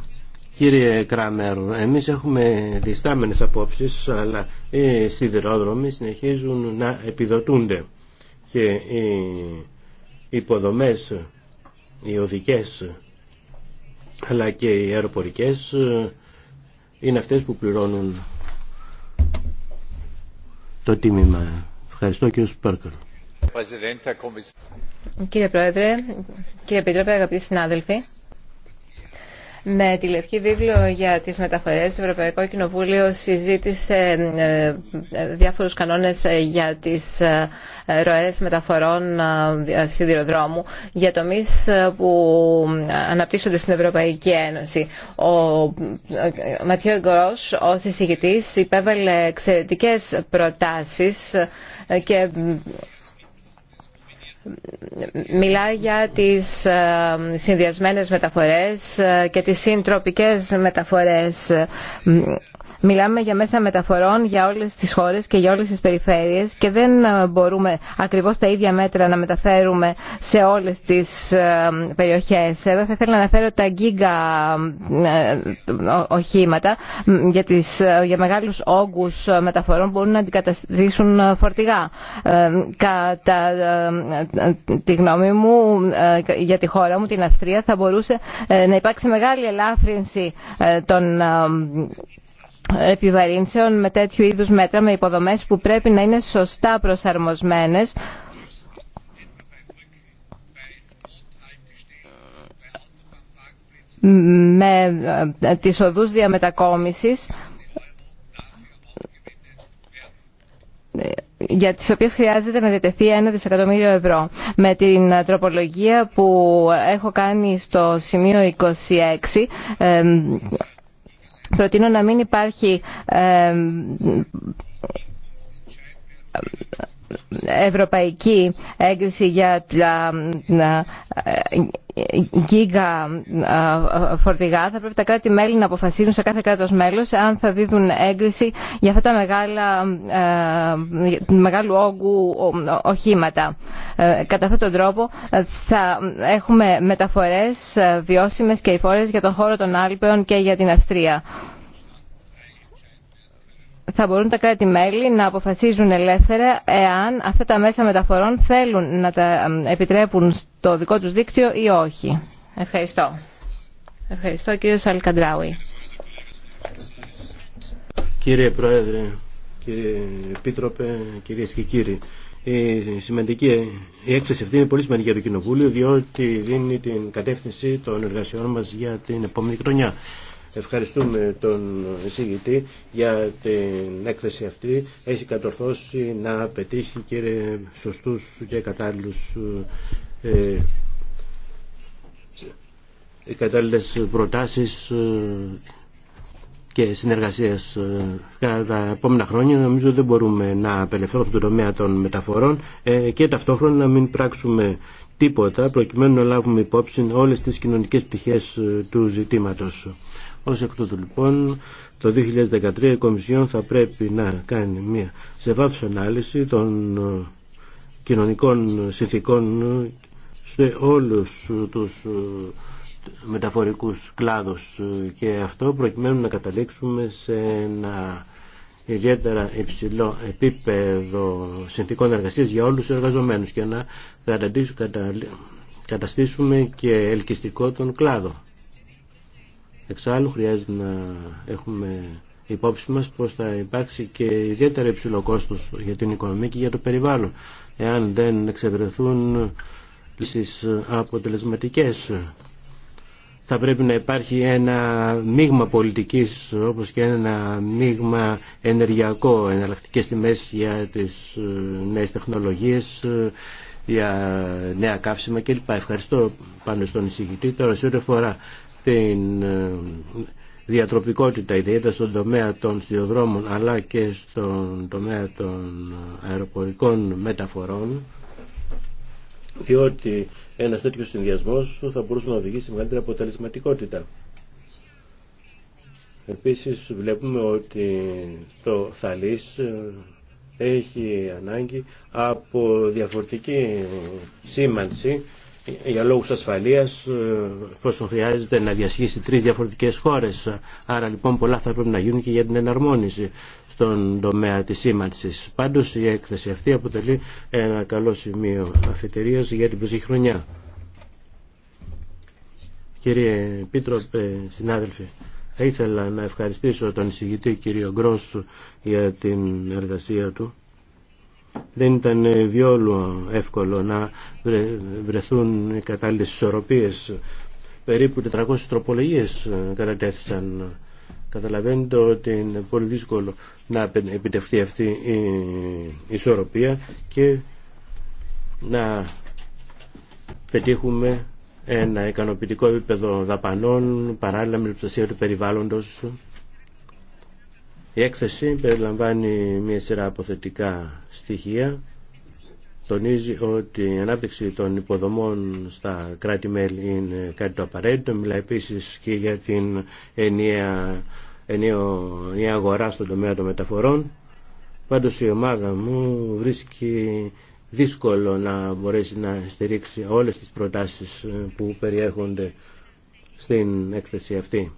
Κύριε Κράμερ, εμείς έχουμε διστάμενες απόψεις, αλλά οι σιδηρόδρομοι συνεχίζουν να επιδοτούνται και οι υποδομές, οι οδικές, αλλά και οι αεροπορικές είναι αυτές που πληρώνουν το τίμημα. Ευχαριστώ κύριο Σπέρκαλ. Κύριε Πρόεδρε, κύριε Πίτροπε, αγαπητοί συνάδελφοι, με τη Λευκή Βίβλο για τις μεταφορές, το Ευρωπαϊκό Κοινοβούλιο συζήτησε ε, ε, διάφορους κανόνες ε, για τις ροές μεταφορών σιδηροδρόμου για τομείς που αναπτύσσονται στην Ευρωπαϊκή Ένωση. Ο Ματιό ό ως εισηγητή, υπέβαλε εξαιρετικέ προτάσεις και μιλάει για τις ε, συνδυασμένες μεταφορές ε, και τις συντροπικές μεταφορές Μιλάμε για μέσα μεταφορών για όλες τις χώρες και για όλες τις περιφέρειες και δεν ε, μπορούμε ακριβώς τα ίδια μέτρα να μεταφέρουμε σε όλες τις ε, περιοχές. Εδώ θα ήθελα να αναφέρω τα γίγκα ε, οχήματα για, τις, για μεγάλους όγκους μεταφορών μπορούν να αντικαταστήσουν φορτηγά. Κατά τη γνώμη μου για τη χώρα μου, την Αυστρία, θα μπορούσε να υπάρξει μεγάλη ελάφρυνση των επιβαρύνσεων με τέτοιου είδους μέτρα, με υποδομές που πρέπει να είναι σωστά προσαρμοσμένες με ε, τις οδούς διαμετακόμισης για τις οποίες χρειάζεται να διατεθεί ένα δισεκατομμύριο ευρώ. Με την ε, τροπολογία που έχω κάνει στο σημείο 26 προτείνω να μην υπάρχει ε, ευρωπαϊκή έγκριση για τα ε, γίγα ε, φορτηγά θα πρέπει τα κράτη-μέλη να αποφασίσουν σε κάθε κράτος μέλος αν θα δίδουν έγκριση για αυτά τα μεγάλα, ε, μεγάλου όγκου οχήματα. Κατά αυτόν τον τρόπο θα έχουμε μεταφορές βιώσιμες και υφόρες για τον χώρο των Άλπαιων και για την Αυστρία θα μπορούν τα κράτη-μέλη να αποφασίζουν ελεύθερα εάν αυτά τα μέσα μεταφορών θέλουν να τα επιτρέπουν στο δικό τους δίκτυο ή όχι. Ευχαριστώ. Ευχαριστώ κύριο Σαλκαντράουι. Κύριε Πρόεδρε, κύριε Επίτροπε, κυρίες και κύριοι, η, οχι ευχαριστω ευχαριστω κυριε σαλκαντραουι κυριε προεδρε κυριε επιτροπε κυριες και κυριοι η σημαντικη αυτή είναι πολύ σημαντική για το Κοινοβούλιο διότι δίνει την κατεύθυνση των εργασιών μας για την επόμενη χρονιά. Ευχαριστούμε τον εισηγητή για την έκθεση αυτή. Έχει κατορθώσει να πετύχει και σωστούς και κατάλληλους ε, ε κατάλληλες προτάσεις ε, και συνεργασίες ε, κατά τα επόμενα χρόνια νομίζω δεν μπορούμε να απελευθερώσουμε το τομέα των μεταφορών και ταυτόχρονα να μην πράξουμε τίποτα προκειμένου να λάβουμε υπόψη όλες τις κοινωνικές πτυχές του ζητήματος. Ως εκ τούτου λοιπόν το 2013 η Κομισιόν θα πρέπει να κάνει μια σε ανάλυση των ε, κοινωνικών συνθήκων σε όλους τους ε, μεταφορικούς κλάδους και αυτό προκειμένου να καταλήξουμε σε ένα ιδιαίτερα υψηλό επίπεδο συνθήκων εργασίας για όλους τους εργαζομένους και να καταστήσουμε και ελκυστικό τον κλάδο. Εξάλλου χρειάζεται να έχουμε υπόψη μας πως θα υπάρξει και ιδιαίτερα υψηλό κόστος για την οικονομία και για το περιβάλλον εάν δεν εξευρεθούν λύσεις αποτελεσματικές. Θα πρέπει να υπάρχει ένα μείγμα πολιτικής όπως και ένα μείγμα ενεργειακό, εναλλακτικές τιμές για τις ε, νέες τεχνολογίες, ε, για νέα καύσιμα κλπ. Ευχαριστώ πάνω στον εισηγητή. Τώρα σε ό,τι την ε, διατροπικότητα ιδιαίτερα στον τομέα των σιδηροδρόμων αλλά και στον τομέα των αεροπορικών μεταφορών διότι ένας τέτοιος συνδυασμός θα μπορούσε να οδηγήσει μεγαλύτερη αποτελεσματικότητα. Επίσης βλέπουμε ότι το θαλής ε, έχει ανάγκη από διαφορετική σήμανση για λόγους ασφαλείας πόσο ε, χρειάζεται να διασχίσει τρεις διαφορετικές χώρες. Άρα λοιπόν πολλά θα πρέπει να γίνουν και για την εναρμόνιση στον τομέα της σήμανσης. Πάντως η έκθεση αυτή αποτελεί ένα καλό σημείο αφιτερίας για την προσεχή χρονιά. Κύριε Επίτροπε, συνάδελφοι, ήθελα να ευχαριστήσω τον εισηγητή κύριο Γκρόσου για την εργασία του δεν ήταν διόλου εύκολο να βρεθούν οι κατάλληλες ισορροπίες. Περίπου 400 τροπολογίες ε, κατατέθησαν. Καταλαβαίνετε ότι είναι πολύ δύσκολο να επιτευχθεί αυτή η ισορροπία και να πετύχουμε ένα ικανοποιητικό επίπεδο δαπανών παράλληλα με την του περιβάλλοντος η έκθεση περιλαμβάνει μια σειρά αποθετικά στοιχεία. Τονίζει ότι η ανάπτυξη των υποδομών στα κράτη-μέλη είναι κάτι το απαραίτητο. Μιλάει επίσης και για την ενιαία, ενιαία αγορά στον τομέα των μεταφορών. Πάντως η ομάδα μου βρίσκει δύσκολο να μπορέσει να στηρίξει όλες τις προτάσεις που περιέχονται στην έκθεση αυτή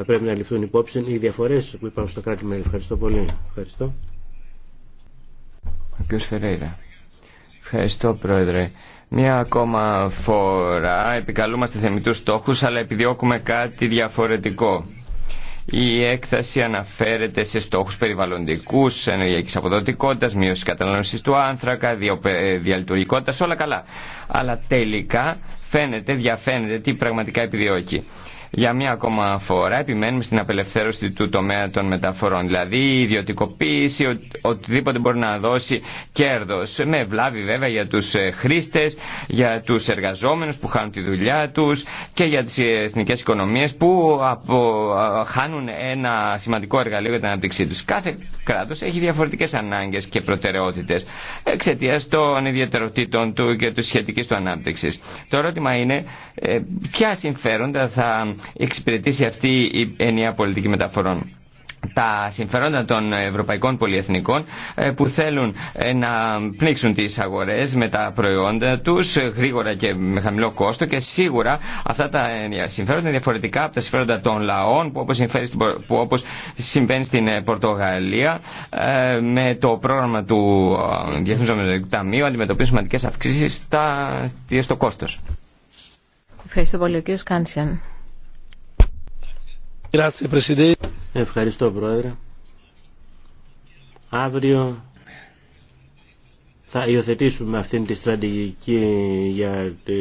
θα πρέπει να ληφθούν υπόψη οι διαφορές που υπάρχουν στο κράτη μέλη. Ευχαριστώ πολύ. Ευχαριστώ. Ο κ. Φερέιρα. Ευχαριστώ, Πρόεδρε. Μία ακόμα φορά επικαλούμαστε θεμητούς στόχους, αλλά επιδιώκουμε κάτι διαφορετικό. Η έκταση αναφέρεται σε στόχους περιβαλλοντικούς, ενέργειακή αποδοτικότητας, μείωση κατανάλωσης του άνθρακα, διαλειτουργικότητας, όλα καλά. Αλλά τελικά φαίνεται, διαφαίνεται τι πραγματικά επιδιώκει. Για μία ακόμα φορά επιμένουμε στην απελευθέρωση του τομέα των μεταφορών, δηλαδή η ιδιωτικοποίηση, ο, οτιδήποτε μπορεί να δώσει κέρδος, με βλάβη βέβαια για τους ε, χρήστες, για τους εργαζόμενους που χάνουν τη δουλειά τους και για τις ε, εθνικές οικονομίες που απο, χάνουν ένα σημαντικό εργαλείο για την ανάπτυξή τους. Κάθε κράτος έχει διαφορετικές ανάγκες και προτεραιότητες εξαιτία των ιδιαιτεροτήτων του και της σχετικής του ανάπτυξης. Το ερώτημα είναι ε, ποια συμφέροντα θα εξυπηρετήσει αυτή η ενιαία πολιτική μεταφορών τα συμφέροντα των ευρωπαϊκών πολιεθνικών ε, που θέλουν ε, να πνίξουν τις αγορές με τα προϊόντα τους ε, γρήγορα και με χαμηλό κόστο και σίγουρα αυτά τα συμφέροντα είναι διαφορετικά από τα συμφέροντα των λαών που όπως, συμβαίνει στην Πορτογαλία με το πρόγραμμα του Διεθνούς Ταμείου αντιμετωπίζουν σημαντικές αυξήσεις στο κόστος. Ευχαριστώ πολύ ο κ. Κάντσιαν. Ευχαριστώ Πρόεδρε. Αύριο θα υιοθετήσουμε αυτή τη στρατηγική για το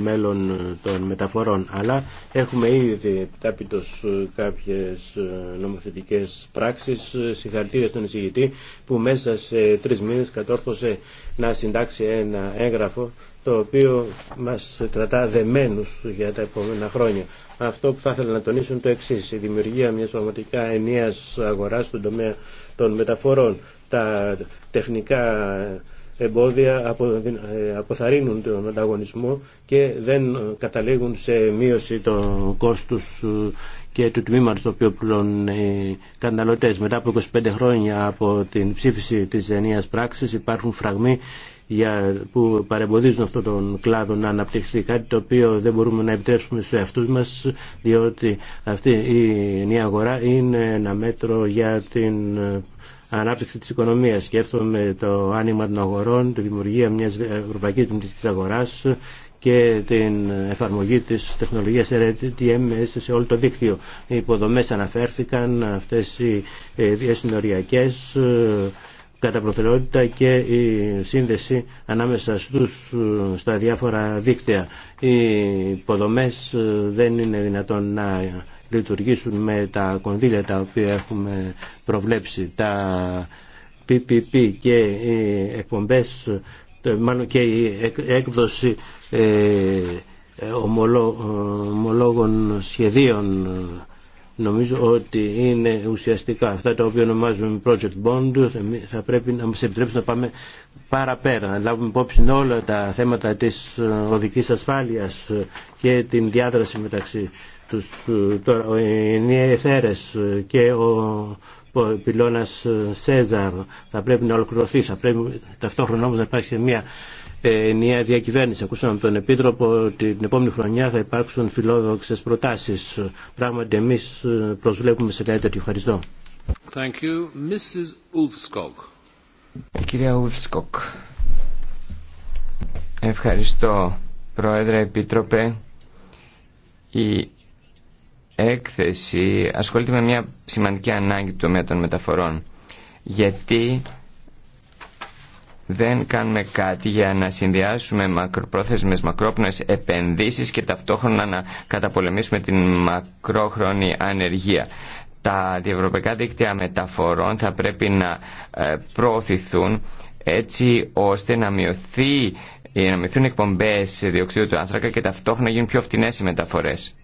μέλλον των μεταφορών αλλά έχουμε ήδη τάπητος κάποιες νομοθετικές πράξεις συγχαρητήρια στον εισηγητή που μέσα σε τρεις μήνες κατόρθωσε να συντάξει ένα έγγραφο το οποίο μας κρατά δεμένους για τα επόμενα χρόνια. Αυτό που θα ήθελα να τονίσω είναι το εξή. Η δημιουργία μιας πραγματικά ενιαίας αγοράς στον τομέα των μεταφορών. Τα τεχνικά εμπόδια ε, αποθαρρύνουν τον ανταγωνισμό και δεν καταλήγουν σε μείωση των κόστους ε, και του τμήματος το οποίο πληρώνουν οι καταναλωτές. Μετά από 25 χρόνια από την ψήφιση της ενίας πράξης υπάρχουν φραγμοί για, που παρεμποδίζουν αυτόν τον κλάδο να αναπτυχθεί. Κάτι το οποίο δεν μπορούμε να επιτρέψουμε στους εαυτούς μας διότι αυτή η νέα αγορά είναι ένα μέτρο για την ε, ανάπτυξη της οικονομίας. Σκέφτομαι το άνοιγμα των αγορών, τη δημιουργία μιας ευρωπαϊκής δημιουργικής αγοράς και την εφαρμογή της τεχνολογίας RTM σε όλο το δίκτυο. Οι υποδομές αναφέρθηκαν, αυτές οι ε, διασυνοριακές ε, κατά προτεραιότητα και η σύνδεση ανάμεσα στους, στα διάφορα δίκτυα. Οι υποδομές ε, δεν είναι δυνατόν να λειτουργήσουν με τα κονδύλια τα οποία έχουμε προβλέψει. Τα PPP και οι εκπομπές, ε, και η έκδοση ε, ομολόγων σχεδίων νομίζω ότι είναι ουσιαστικά αυτά τα οποία ονομάζουμε project bond θα πρέπει να μας επιτρέψουν να πάμε παραπέρα, να λάβουμε υπόψη όλα τα θέματα της ε, οδικής ασφάλειας ε, και την διάδραση μεταξύ τους ε, εθέρες και ο πυλώνας Σέζαρ θα πρέπει να ολοκληρωθεί, θα πρέπει ταυτόχρονα όμως να υπάρχει μια ε, ενιαία διακυβέρνηση. Ακούσαμε από τον Επίτροπο ότι την επόμενη χρονιά θα υπάρξουν φιλόδοξε προτάσεις. Πράγματι εμεί ε, προσβλέπουμε σε κάτι τέτοιο. Ευχαριστώ. Thank you. Mrs. Ulfskog. κυρία Ευχαριστώ, Πρόεδρε Επίτροπε. Η έκθεση ασχολείται με μια σημαντική ανάγκη του τομέα των μεταφορών. Γιατί δεν κάνουμε κάτι για να συνδυάσουμε μακροπρόθεσμες μακρόπνοες επενδύσεις και ταυτόχρονα να καταπολεμήσουμε την μακρόχρονη ανεργία. Τα διευρωπαϊκά δίκτυα μεταφορών θα πρέπει να ε, προωθηθούν έτσι ώστε να μειωθεί να μειωθούν εκπομπές διοξείδου του άνθρακα και ταυτόχρονα γίνουν πιο φτηνές οι μεταφορές.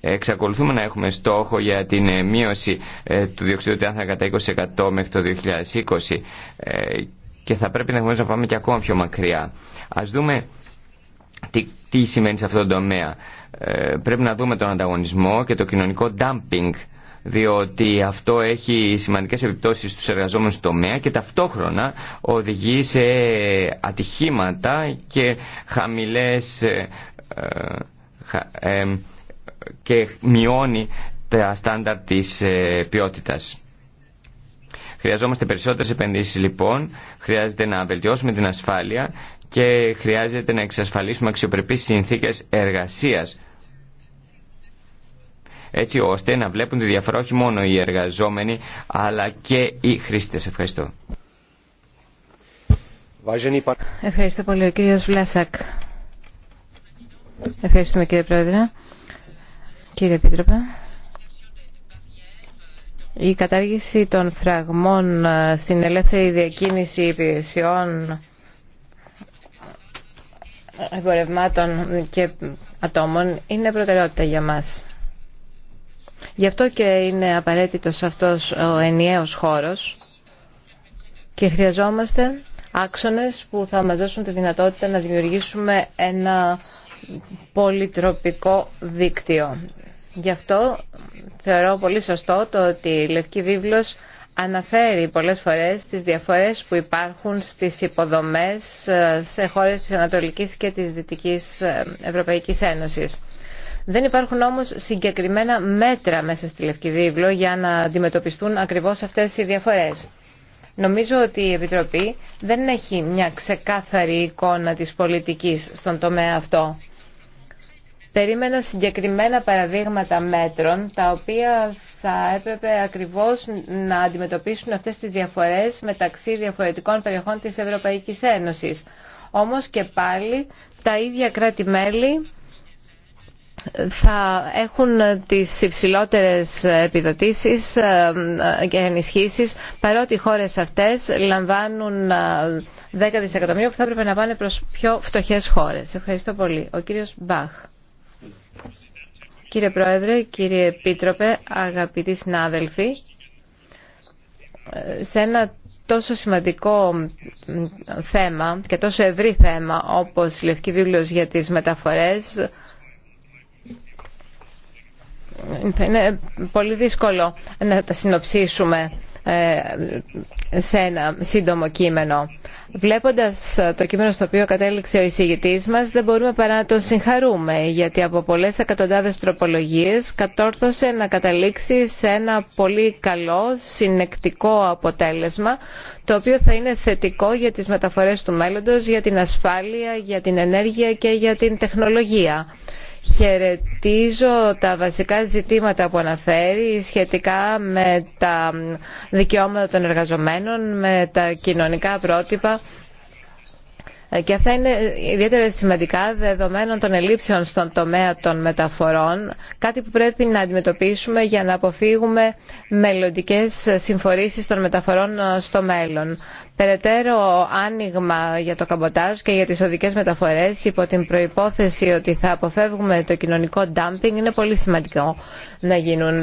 Εξακολουθούμε να έχουμε στόχο για την ε, μείωση ε, του διοξιδίου του άνθρακα 20% μέχρι το 2020 ε, και θα πρέπει να να πάμε και ακόμα πιο μακριά. Ας δούμε τι, τι σημαίνει σε αυτό το τομέα. πρέπει να δούμε τον ανταγωνισμό και το κοινωνικό dumping διότι αυτό έχει σημαντικές επιπτώσεις στους εργαζόμενους τομέα και ταυτόχρονα οδηγεί σε ατυχήματα και χαμηλές, και μειώνει τα στάνταρ της ε, ποιότητας. Χρειαζόμαστε περισσότερες επενδύσεις λοιπόν, χρειάζεται να βελτιώσουμε την ασφάλεια και χρειάζεται να εξασφαλίσουμε αξιοπρεπείς συνθήκες εργασίας έτσι ώστε να βλέπουν τη διαφορά όχι μόνο οι εργαζόμενοι αλλά και οι χρήστες. Ευχαριστώ. Ευχαριστώ πολύ ο κύριος Βλάσακ. Ευχαριστούμε κύριε Πρόεδρε. Κύριε Επίτροπε, η κατάργηση των φραγμών ε, στην ελεύθερη διακίνηση υπηρεσιών ε, εμπορευμάτων και ατόμων είναι προτεραιότητα για μας. Γι' αυτό και είναι απαραίτητος αυτός ο ενιαίος χώρος και χρειαζόμαστε άξονες που θα μας δώσουν τη δυνατότητα να δημιουργήσουμε ένα πολυτροπικό δίκτυο. Γι' αυτό θεωρώ πολύ σωστό το ότι η Λευκή Βίβλος αναφέρει πολλές φορές τις διαφορές που υπάρχουν στις υποδομές ε, σε χώρες της Ανατολικής και της Δυτικής ε, Ευρωπαϊκής Ένωσης. Δεν υπάρχουν όμως συγκεκριμένα μέτρα μέσα στη Λευκή Βίβλο για να αντιμετωπιστούν ακριβώς αυτές οι διαφορές. Νομίζω ότι η Επιτροπή δεν έχει μια ξεκάθαρη εικόνα της πολιτικής στον τομέα αυτό. Περίμενα συγκεκριμένα παραδείγματα μέτρων, τα οποία θα έπρεπε ακριβώς να αντιμετωπίσουν αυτές τις διαφορές μεταξύ διαφορετικών περιοχών της Ευρωπαϊκής Ένωσης. Όμως και πάλι τα ίδια κράτη-μέλη θα έχουν τις υψηλότερες επιδοτήσεις ε, ε, και ενισχύσεις παρότι οι χώρες αυτές λαμβάνουν 10 ε, δισεκατομμύρια που θα έπρεπε να πάνε προς πιο φτωχές χώρες. Ευχαριστώ πολύ. Ο κύριος Μπαχ. Κύριε Πρόεδρε, κύριε Επίτροπε, αγαπητοί συνάδελφοι, σε ένα τόσο σημαντικό θέμα και τόσο ευρύ θέμα όπως η Λευκή Βίβλος για τις μεταφορές θα είναι πολύ δύσκολο να τα συνοψίσουμε ε, σε ένα σύντομο κείμενο. Βλέποντας ε, το κείμενο στο οποίο κατέληξε ο εισηγητής μας, δεν μπορούμε παρά να τον συγχαρούμε, γιατί από πολλές εκατοντάδες τροπολογίες κατόρθωσε να καταλήξει σε ένα πολύ καλό, συνεκτικό αποτέλεσμα, το οποίο θα είναι θετικό για τις μεταφορές του μέλλοντος, για την ασφάλεια, για την ενέργεια και για την τεχνολογία. Χαιρετίζω τα βασικά ζητήματα που αναφέρει σχετικά με τα δικαιώματα των εργαζομένων, με τα κοινωνικά πρότυπα ε, και αυτά είναι ιδιαίτερα σημαντικά δεδομένων των ελλείψεων στον τομέα των μεταφορών, κάτι που πρέπει να αντιμετωπίσουμε για να αποφύγουμε μελλοντικέ συμφορήσεις των μεταφορών ε, στο μέλλον. Περαιτέρω άνοιγμα για το καμποτάζ και για τις οδικές μεταφορές υπό την προϋπόθεση ότι θα αποφεύγουμε το κοινωνικό ντάμπινγκ είναι πολύ σημαντικό να γίνουν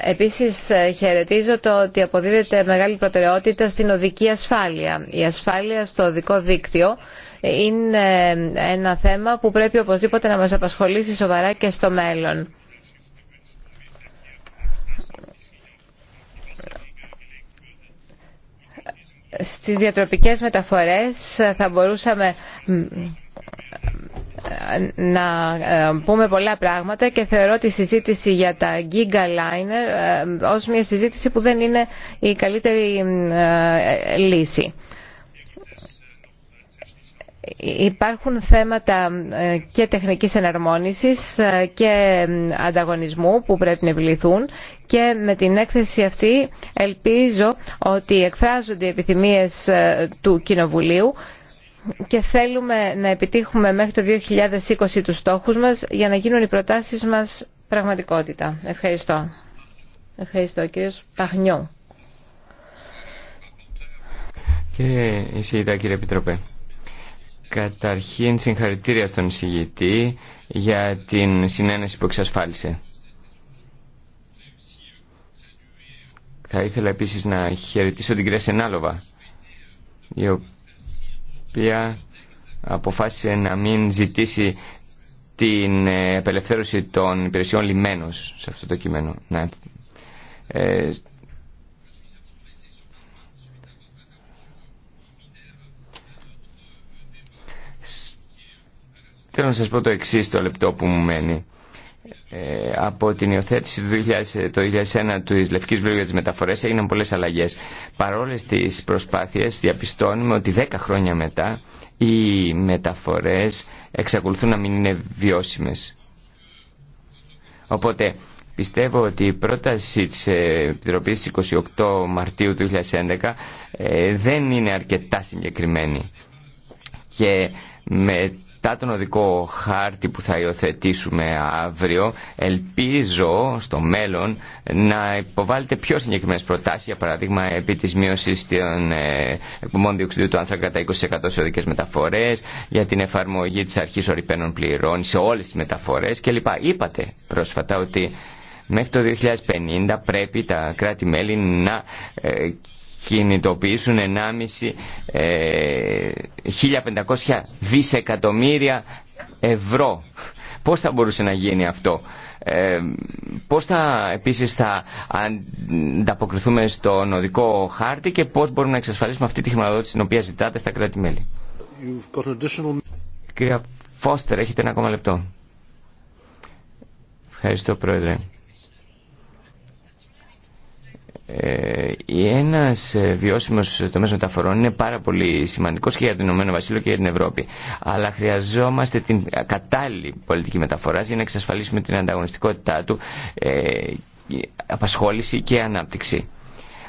Επίσης ε, χαιρετίζω το ότι αποδίδεται μεγάλη προτεραιότητα στην οδική ασφάλεια. Η ασφάλεια στο οδικό δίκτυο είναι ένα θέμα που πρέπει οπωσδήποτε να μας απασχολήσει σοβαρά και στο μέλλον. Στις διατροπικές μεταφορές θα μπορούσαμε να ε, πούμε πολλά πράγματα και θεωρώ τη συζήτηση για τα Giga Liner ε, ως μια συζήτηση που δεν είναι η καλύτερη ε, λύση. Υπάρχουν θέματα και τεχνικής εναρμόνισης και ανταγωνισμού που πρέπει να επιληθούν και με την έκθεση αυτή ελπίζω ότι εκφράζονται οι επιθυμίες του Κοινοβουλίου και θέλουμε να επιτύχουμε μέχρι το 2020 τους στόχους μας για να γίνουν οι προτάσεις μας πραγματικότητα. Ευχαριστώ. Ευχαριστώ κύριε Παχνιό. Κύριε εισηγητά κύριε Επιτροπέ. Καταρχήν συγχαρητήρια στον εισηγητή για την συνένεση που εξασφάλισε. Θα ήθελα επίσης να χαιρετήσω την κυρία Σενάλοβα, η οποία οποία αποφάσισε να μην ζητήσει την ε, απελευθέρωση των υπηρεσιών λιμένος σε αυτό το κείμενο. Ε, θέλω να σας πω το εξής το λεπτό που μου μένει. Ε, από την υιοθέτηση του 2000, το 2001 του Λευκής Βουλίου για τις Μεταφορές έγιναν πολλές αλλαγές. Παρόλες τις προσπάθειες διαπιστώνουμε ότι 10 χρόνια μετά οι μεταφορές εξακολουθούν να μην είναι βιώσιμες. Οπότε πιστεύω ότι η πρόταση της Επιτροπής 28 Μαρτίου του 2011 ε, δεν είναι αρκετά συγκεκριμένη. Και με μετά τον οδικό χάρτη που θα υιοθετήσουμε αύριο, ελπίζω στο μέλλον να υποβάλλετε πιο συγκεκριμένε προτάσει, για παράδειγμα επί της μείωση των ε, εκπομπών διοξιδίου του άνθρακα κατά 20% σε οδικές μεταφορές, για την εφαρμογή τη αρχής ορυπαίνων πληρών σε όλες τις μεταφορές κλπ. Είπατε πρόσφατα ότι μέχρι το 2050 πρέπει τα κράτη-μέλη να ε, κινητοποιήσουν 1,5 ε, 1500 δισεκατομμύρια ευρώ. Πώς θα μπορούσε να γίνει αυτό. Ε, πώς θα επίσης θα ανταποκριθούμε στον οδικό χάρτη και πώς μπορούμε να εξασφαλίσουμε αυτή τη χρηματοδότηση την οποία ζητάτε στα κράτη-μέλη. Additional... Κύριε Φώστερ, έχετε ένα ακόμα λεπτό. Ευχαριστώ, Πρόεδρε. Ε, ένα ε, βιώσιμο τομέα μεταφορών είναι πάρα πολύ σημαντικό και για την Ηνωμένο Βασίλειο και για την Ευρώπη. Αλλά χρειαζόμαστε την κατάλληλη πολιτική μεταφορά για να εξασφαλίσουμε την ανταγωνιστικότητά του, ε, απασχόληση και ανάπτυξη.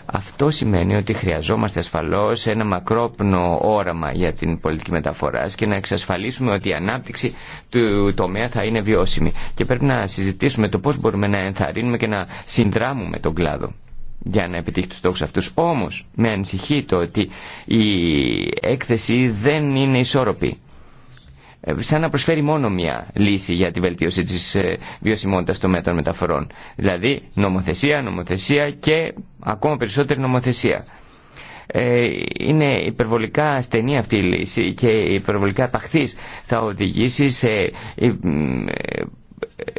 Αυτό σημαίνει ότι χρειαζόμαστε ασφαλώς ένα μακρόπνο όραμα για την πολιτική μεταφορά και να εξασφαλίσουμε ότι η ανάπτυξη του τομέα θα είναι βιώσιμη. Και πρέπει να συζητήσουμε το πώς μπορούμε να ενθαρρύνουμε και να συνδράμουμε τον κλάδο για να επιτύχει τους στόχους αυτούς. Όμως με ανησυχεί το ότι η έκθεση δεν είναι ισόρροπη. Ε, σαν να προσφέρει μόνο μία λύση για τη βελτίωση της ε, βιωσιμότητας των μέτρων μεταφορών. Δηλαδή νομοθεσία, νομοθεσία και ακόμα περισσότερη νομοθεσία. Ε, είναι υπερβολικά στενή αυτή η λύση και υπερβολικά παχθής θα οδηγήσει σε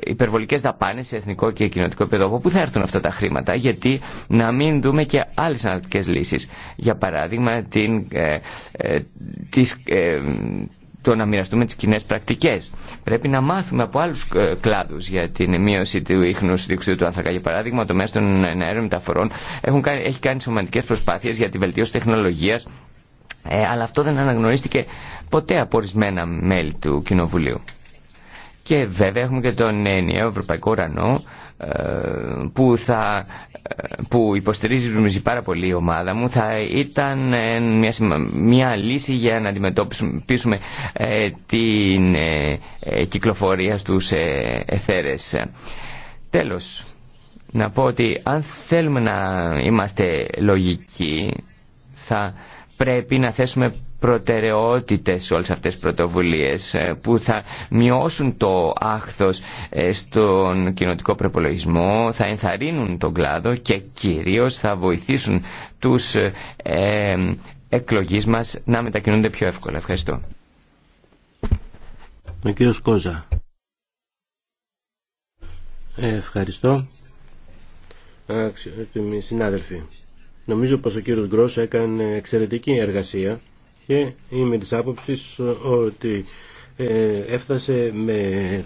υπερβολικέ δαπάνε σε εθνικό και κοινωτικό επίπεδο. Από πού θα έρθουν αυτά τα χρήματα, γιατί να μην δούμε και άλλε αναλυτικέ λύσει. Για παράδειγμα, την, ε, ε, τις, ε, το να μοιραστούμε τι κοινέ πρακτικέ. Πρέπει να μάθουμε από άλλου ε, κλάδου για την μείωση του ίχνου διοξιδίου του άνθρακα. Για παράδειγμα, το μέσο των αέριων μεταφορών έχουν έχει κάνει σημαντικέ προσπάθειε για τη βελτίωση τεχνολογία. Ε, αλλά αυτό δεν αναγνωρίστηκε ποτέ από ορισμένα μέλη του Κοινοβουλίου. Και βέβαια έχουμε και τον ενιαίο ευρωπαϊκό ουρανό ε, που, θα, ε, που υποστηρίζει πάρα πολύ η ομάδα μου θα ήταν ε, μια, μια λύση για να αντιμετωπίσουμε την κυκλοφορία στους εθέρες. Τέλος, να πω ότι αν θέλουμε να είμαστε λογικοί θα πρέπει να θέσουμε προτεραιότητες σε όλες αυτές τις πρωτοβουλίες ε, που θα μειώσουν το άχθος ε, στον κοινοτικό προπολογισμό, θα ενθαρρύνουν τον κλάδο και κυρίως θα βοηθήσουν τους ε, εκλογείς να μετακινούνται πιο εύκολα. Ευχαριστώ. Ο κύριος Κόζα. Ε, ευχαριστώ. Αξιότιμοι συνάδελφοι. Νομίζω πως ο κύριος Γκρός έκανε εξαιρετική εργασία και είμαι της άποψης ότι ε, έφτασε με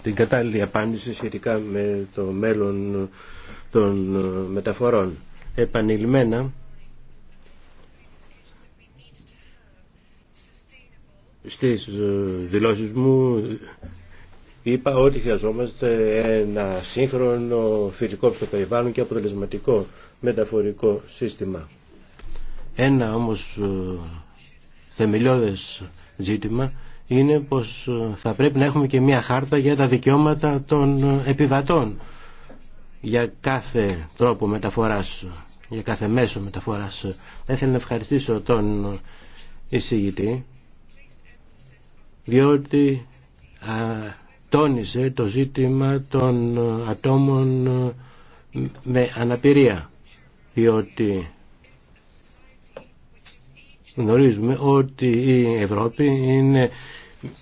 την κατάλληλη απάντηση σχετικά με το μέλλον των ε, μεταφορών. Επανειλημμένα στις ε, δηλώσεις μου είπα ότι χρειαζόμαστε ένα σύγχρονο φιλικό στο περιβάλλον και αποτελεσματικό μεταφορικό σύστημα. Ένα όμως θεμελιώδες ζήτημα είναι πως ε, θα πρέπει να έχουμε και μια χάρτα για τα δικαιώματα των ε, επιβατών για κάθε τρόπο μεταφοράς, ε, για κάθε μέσο μεταφοράς. Θα ήθελα να ευχαριστήσω τον εισηγητή διότι τόνισε το ζήτημα των ατόμων με αναπηρία διότι Γνωρίζουμε ότι η Ευρώπη είναι,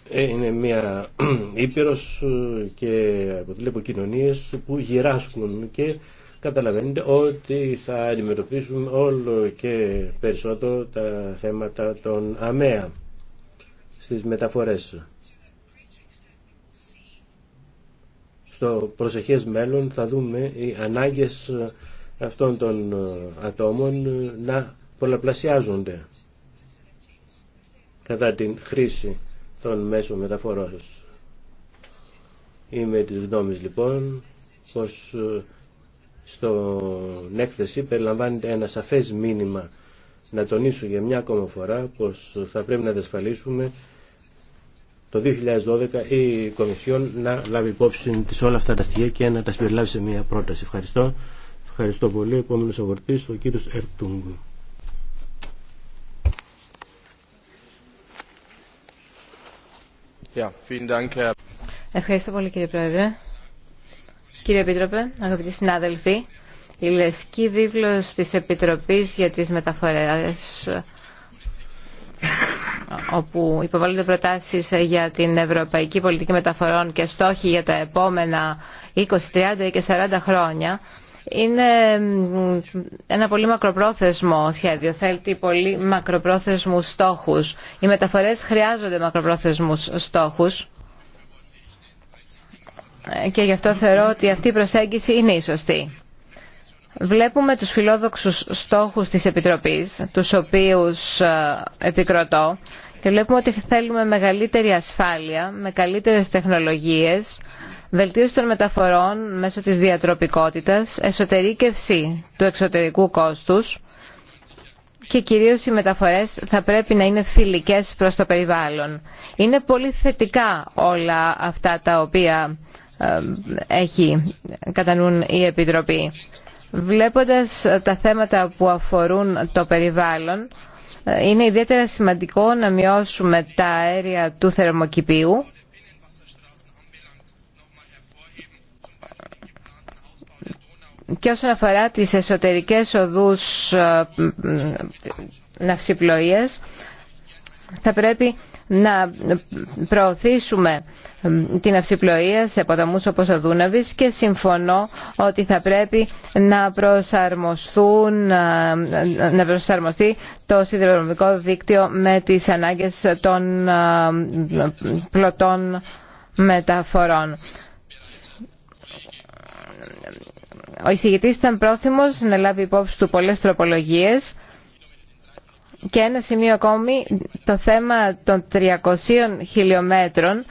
είναι μια ήπειρος ε, και αποτελεί από κοινωνίες που γυράσκουν και καταλαβαίνετε ότι θα αντιμετωπίσουμε όλο και περισσότερο τα θέματα των ΑΜΕΑ στις μεταφορές. Στο προσεχές μέλλον θα δούμε οι ανάγκες αυτών των ατόμων να πολλαπλασιάζονται κατά την χρήση των μέσων μεταφορών. Είμαι της γνώμης λοιπόν πως ε, στον έκθεση περιλαμβάνεται ένα σαφές μήνυμα να τονίσω για μια ακόμα φορά πως θα πρέπει να διασφαλίσουμε το 2012 η Κομισιόν να λάβει υπόψη της όλα αυτά τα στοιχεία και να τα συμπεριλάβει σε μια πρόταση. Ευχαριστώ. Ευχαριστώ πολύ. Επόμενος αγορτή, ο κύριος Ερτούγκου. Ευχαριστώ πολύ κύριε Πρόεδρε. Κύριε Επίτροπε, αγαπητοί συνάδελφοι, η Λευκή Βίβλος της Επιτροπής για τις Μεταφορές όπου υποβάλλονται προτάσεις για την ευρωπαϊκή πολιτική μεταφορών και στόχοι για τα επόμενα 20, 30 και 40 χρόνια είναι ένα πολύ μακροπρόθεσμο σχέδιο. Θέλει πολύ μακροπρόθεσμους στόχους. Οι μεταφορές χρειάζονται μακροπρόθεσμους στόχους. Και γι' αυτό θεωρώ ότι αυτή η προσέγγιση είναι η σωστή. Βλέπουμε τους φιλόδοξους στόχους της Επιτροπής, τους οποίους ε, επικροτώ, και βλέπουμε ότι θέλουμε μεγαλύτερη ασφάλεια, με καλύτερες τεχνολογίες, βελτίωση των μεταφορών μέσω της διατροπικότητας, εσωτερήκευση του εξωτερικού κόστους και κυρίως οι μεταφορές θα πρέπει να είναι φιλικές προς το περιβάλλον. Είναι πολύ θετικά όλα αυτά τα οποία ε, έχει κατά νου η Επιτροπή. Βλέποντας τα θέματα που αφορούν το περιβάλλον, ε, είναι ιδιαίτερα σημαντικό να μειώσουμε τα αέρια του θερμοκηπίου Και όσον αφορά τις εσωτερικές οδούς ε, ναυσιπλοείας, θα πρέπει να προωθήσουμε την ναυσιπλοεία σε ποταμούς όπως ο Δούναβης και συμφωνώ ότι θα πρέπει να προσαρμοστούν ε, να προσαρμοστεί το σιδηροδρομικό δίκτυο με τις ανάγκες των ε, πλωτών μεταφορών. ο εισηγητής ήταν πρόθυμος να λάβει υπόψη του πολλές τροπολογίες και ένα σημείο ακόμη το θέμα των 300 χιλιόμετρων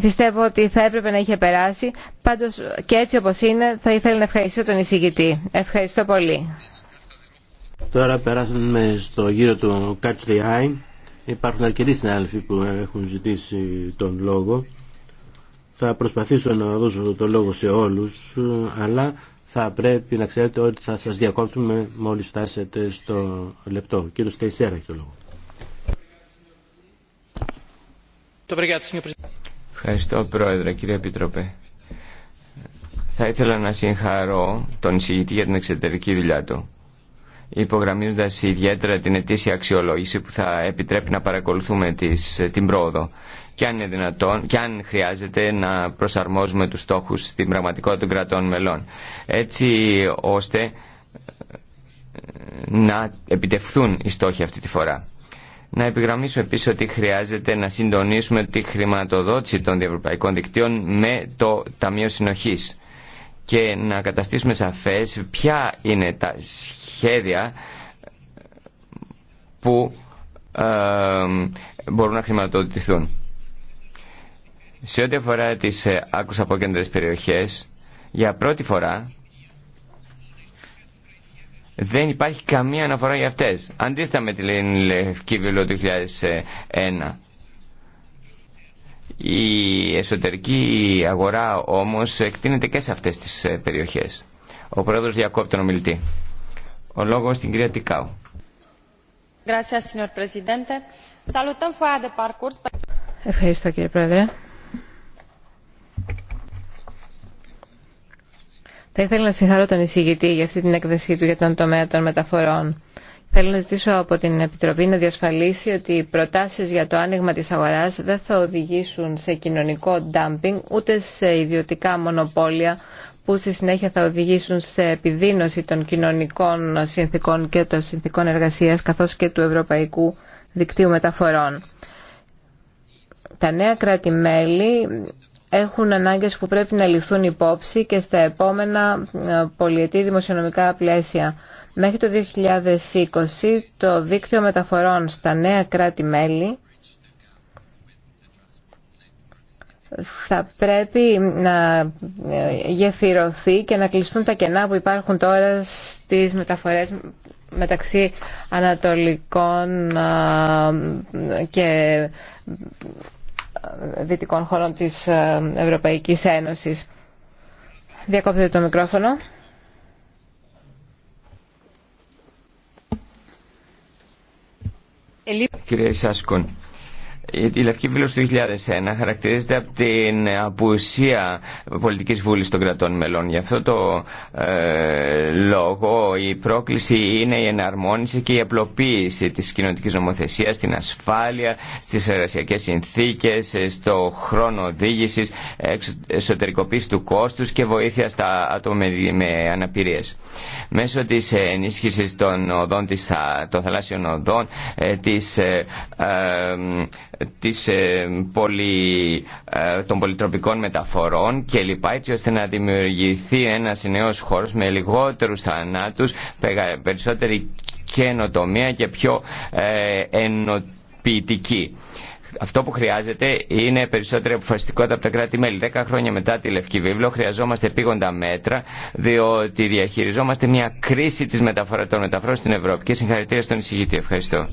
πιστεύω ότι θα έπρεπε να είχε περάσει πάντως και έτσι όπως είναι θα ήθελα να ευχαριστήσω τον εισηγητή ευχαριστώ πολύ Τώρα περάσαμε στο γύρο του Catch the Eye υπάρχουν αρκετοί συνάδελφοι που έχουν ζητήσει τον λόγο θα προσπαθήσω να δώσω το λόγο σε όλους, αλλά θα πρέπει να ξέρετε ότι θα σας διακόπτουμε μόλις φτάσετε στο λεπτό. Κύριο κύριος έχει το λόγο. Ευχαριστώ Πρόεδρε, κύριε Επιτροπέ. Θα ήθελα να συγχαρώ τον εισηγητή για την εξωτερική δουλειά του υπογραμμίζοντας ιδιαίτερα την ετήσια αξιολόγηση που θα επιτρέπει να παρακολουθούμε τις, την πρόοδο και αν είναι δυνατόν και αν χρειάζεται να προσαρμόζουμε τους στόχους στην πραγματικότητα των κρατών μελών έτσι ώστε ε, να επιτευχθούν οι στόχοι αυτή τη φορά. Να επιγραμμίσω επίσης ότι χρειάζεται να συντονίσουμε τη χρηματοδότηση των διευρωπαϊκών δικτύων με το Ταμείο Συνοχής και να καταστήσουμε σαφές ποια είναι τα σχέδια που ε, μπορούν να χρηματοδοτηθούν. Σε ό,τι αφορά τις από ε, απόκεντρες περιοχές, για πρώτη φορά δεν υπάρχει καμία αναφορά για αυτές. Αντίθετα με τη Λευκή Βιβλίο του 2001. Η εσωτερική αγορά όμως εκτείνεται και σε αυτές τις ε, περιοχές. Ο πρόεδρος διακόπτει τον ομιλητή. Ο λόγος στην κυρία Τικάου. Ευχαριστώ κύριε Πρόεδρε. Θα ήθελα να συγχαρώ τον εισηγητή για αυτή την έκθεσή του για τον τομέα των μεταφορών. Θέλω να ζητήσω από την Επιτροπή να διασφαλίσει ότι οι προτάσεις για το άνοιγμα της αγοράς δεν θα οδηγήσουν σε κοινωνικό ντάμπινγκ ούτε σε ιδιωτικά μονοπόλια που στη συνέχεια θα οδηγήσουν σε επιδείνωση των κοινωνικών συνθήκων και των συνθήκων εργασίας καθώς και του Ευρωπαϊκού Δικτύου Μεταφορών. Τα νέα κράτη-μέλη έχουν ανάγκες που πρέπει να ληφθούν υπόψη και στα επόμενα ε, πολιετή δημοσιονομικά πλαίσια. Μέχρι το 2020 το δίκτυο μεταφορών στα νέα κράτη-μέλη θα πρέπει να ε, γεφυρωθεί και να κλειστούν τα κενά που υπάρχουν τώρα στις μεταφορές μεταξύ ανατολικών και ε, δυτικών χωρών της ε, Ευρωπαϊκής Ένωσης. Διακόπτεται το μικρόφωνο. κύριε Σάσκον η Λευκή Βήλωση του 2001 χαρακτηρίζεται από την απουσία πολιτικής βούλης των κρατών μελών. Γι' αυτό το ε, λόγο η πρόκληση είναι η εναρμόνιση και η απλοποίηση της κοινωνικής νομοθεσίας, στην ασφάλεια, στις εργασιακές συνθήκες, στο χρόνο οδήγησης, εσωτερικοποίηση του κόστους και βοήθεια στα άτομα με αναπηρίες. Μέσω της ενίσχυσης των, των θαλάσσιων οδών, ε, της ε, ε της, ε, πολυ, ε, των πολυτροπικών μεταφορών και λοιπά έτσι ώστε να δημιουργηθεί ένας νέος χώρος με λιγότερους θανάτους, περισσότερη καινοτομία και πιο ε, ενοποιητική. Αυτό που χρειάζεται είναι περισσότερη αποφασιστικότητα από τα κράτη-μέλη. Δέκα χρόνια μετά τη Λευκή Βίβλο χρειαζόμαστε επίγοντα μέτρα, διότι διαχειριζόμαστε μια κρίση της μεταφορά των μεταφορών στην Ευρώπη. Και συγχαρητήρια στον εισηγητή. Ευχαριστώ.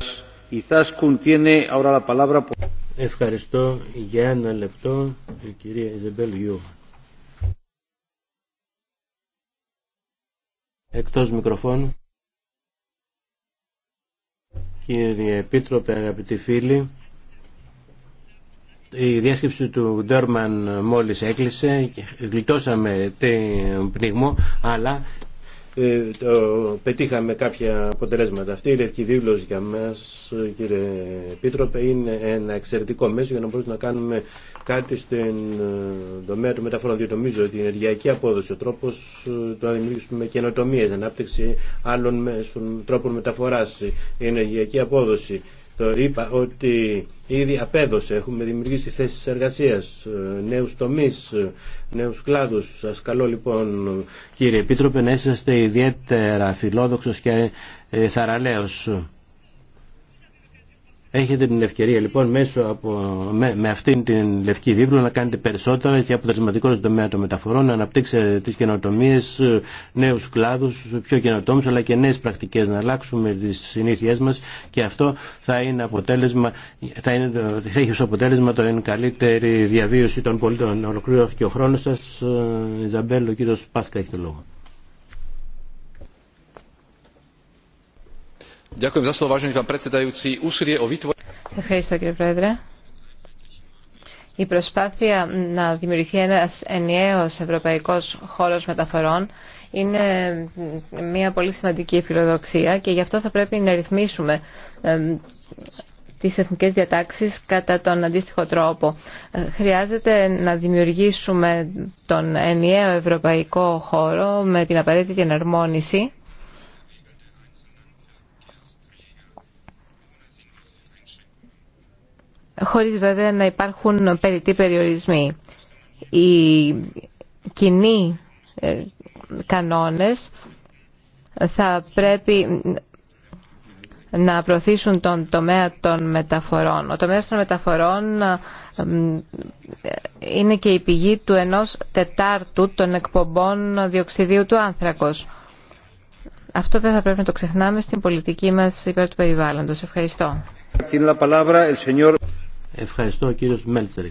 Ευχαριστώ για ένα λεπτό η κυρία Ιζεμπέλ Γιού. Εκτός μικροφώνου. Κύριε Επίτροπε, αγαπητοί φίλοι, η διάσκεψη του Ντέρμαν μόλις έκλεισε, γλιτώσαμε την πνιγμό, αλλά ε, το, πετύχαμε κάποια αποτελέσματα. Αυτή η λευκή δήλωση για μας, κύριε Πίτροπε, είναι ένα εξαιρετικό μέσο για να μπορούμε να κάνουμε κάτι στην ε, τομέα του μεταφορών. Διότι νομίζω ότι η ενεργειακή απόδοση, ο τρόπο ε, το να δημιουργήσουμε καινοτομίε, ανάπτυξη άλλων μέσων, τρόπων μεταφορά, η ενεργειακή απόδοση. Το είπα ότι ήδη απέδωσε. Έχουμε δημιουργήσει θέσεις εργασίας, ε, νέους τομείς, ε, νέους κλάδους. Σας καλώ λοιπόν κύριε Επίτροπε να είσαστε ιδιαίτερα φιλόδοξος και ε, θαραλέος. Έχετε την ευκαιρία λοιπόν μέσω από, με, αυτήν την λευκή βίβλο να κάνετε περισσότερα και αποτελεσματικό στον τομέα των μεταφορών, να αναπτύξετε τις καινοτομίες, νέους κλάδους, πιο καινοτόμους αλλά και νέες πρακτικές, να αλλάξουμε τις συνήθειές μας και αυτό θα, είναι αποτέλεσμα, θα, είναι, θα έχει ως αποτέλεσμα το καλύτερη διαβίωση των πολιτών. Ολοκληρώθηκε ο χρόνος σας, ε, Ιζαμπέλ, ο κύριος Πάσκα έχει το λόγο. Ευχαριστώ κύριε Πρόεδρε. Η προσπάθεια να δημιουργηθεί ένας ενιαίος ευρωπαϊκός χώρος μεταφορών είναι μια πολύ σημαντική φιλοδοξία και γι' αυτό θα πρέπει να ρυθμίσουμε τις εθνικέ διατάξεις κατά τον αντίστοιχο τρόπο. Χρειάζεται να δημιουργήσουμε τον ενιαίο ευρωπαϊκό χώρο με την απαραίτητη εναρμόνιση χωρίς βέβαια να υπάρχουν περιττοί περιορισμοί. Οι κοινοί ε, κανόνες θα πρέπει να προωθήσουν τον τομέα των μεταφορών. Ο τομέας των μεταφορών είναι και η πηγή του ενός τετάρτου των εκπομπών διοξιδίου του άνθρακος. Αυτό δεν θα πρέπει να το ξεχνάμε στην πολιτική μας υπέρ του περιβάλλοντος. Ευχαριστώ. Ευχαριστώ. Ο κύριος Μέλτσερ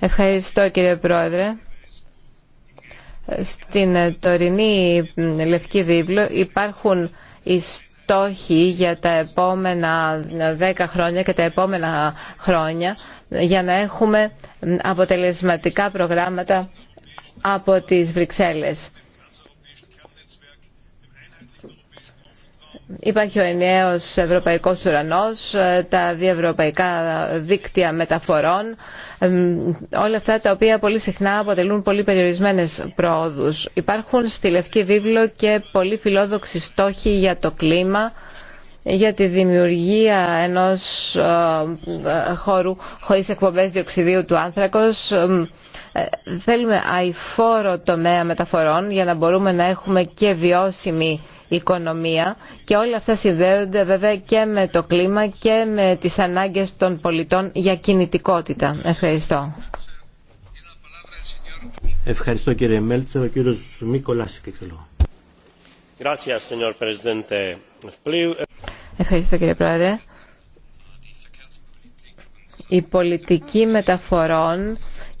Ευχαριστώ κύριε Πρόεδρε. Στην τωρινή Λευκή Βίβλο υπάρχουν οι στόχοι για τα επόμενα δέκα χρόνια και τα επόμενα χρόνια για να έχουμε αποτελεσματικά προγράμματα από τις Βρυξέλλες Υπάρχει ο ενιαίος ευρωπαϊκός ουρανός, τα διευρωπαϊκά δίκτυα μεταφορών, όλα αυτά τα οποία πολύ συχνά αποτελούν πολύ περιορισμένες πρόοδους. Υπάρχουν στη Λευκή Βίβλο και πολύ φιλόδοξοι στόχοι για το κλίμα, για τη δημιουργία ενός ε, χώρου χωρίς εκπομπές διοξιδίου του άνθρακος. Ε, θέλουμε αηφόρο τομέα μεταφορών για να μπορούμε να έχουμε και βιώσιμη οικονομία και όλα αυτά συνδέονται βέβαια και με το κλίμα και με τις ανάγκες των πολιτών για κινητικότητα. Ευχαριστώ. Ευχαριστώ κύριε Μέλτσα. Ο κύριος Μίκολας Ευχαριστώ κύριε Πρόεδρε. Η πολιτική μεταφορών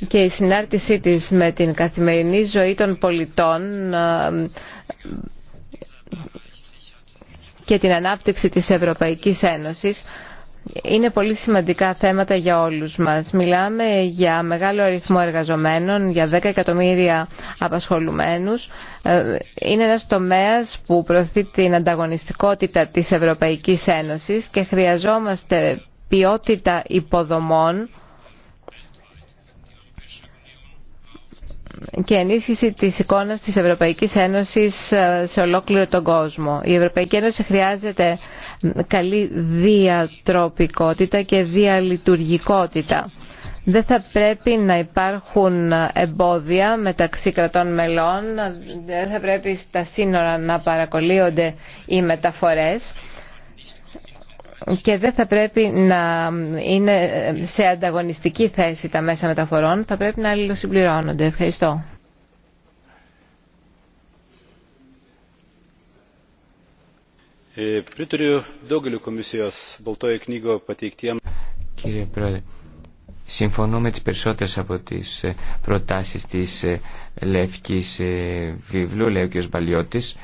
και η συνάρτησή της με την καθημερινή ζωή των πολιτών και την ανάπτυξη της Ευρωπαϊκής Ένωσης είναι πολύ σημαντικά θέματα για όλους μας. Μιλάμε για μεγάλο αριθμό εργαζομένων, για 10 εκατομμύρια απασχολουμένους. Ε, είναι ένας τομέας που προωθεί την ανταγωνιστικότητα της Ευρωπαϊκής Ένωσης και χρειαζόμαστε ποιότητα υποδομών και ενίσχυση της εικόνας της Ευρωπαϊκής Ένωσης ε, σε ολόκληρο τον κόσμο. Η Ευρωπαϊκή Ένωση χρειάζεται καλή διατροπικότητα και διαλειτουργικότητα. Δεν θα πρέπει να υπάρχουν εμπόδια μεταξύ κρατών μελών, δεν θα πρέπει στα σύνορα να παρακολύονται οι μεταφορές και δεν θα πρέπει να είναι σε ανταγωνιστική θέση τα μέσα μεταφορών, θα πρέπει να αλληλοσυμπληρώνονται. Ευχαριστώ. Ε, Κύριε Πρόεδρε, συμφωνώ με τις περισσότερες από τις ε, προτάσεις της ε, Λευκής βιβλού, λέει ο κ. Μπαλιώτης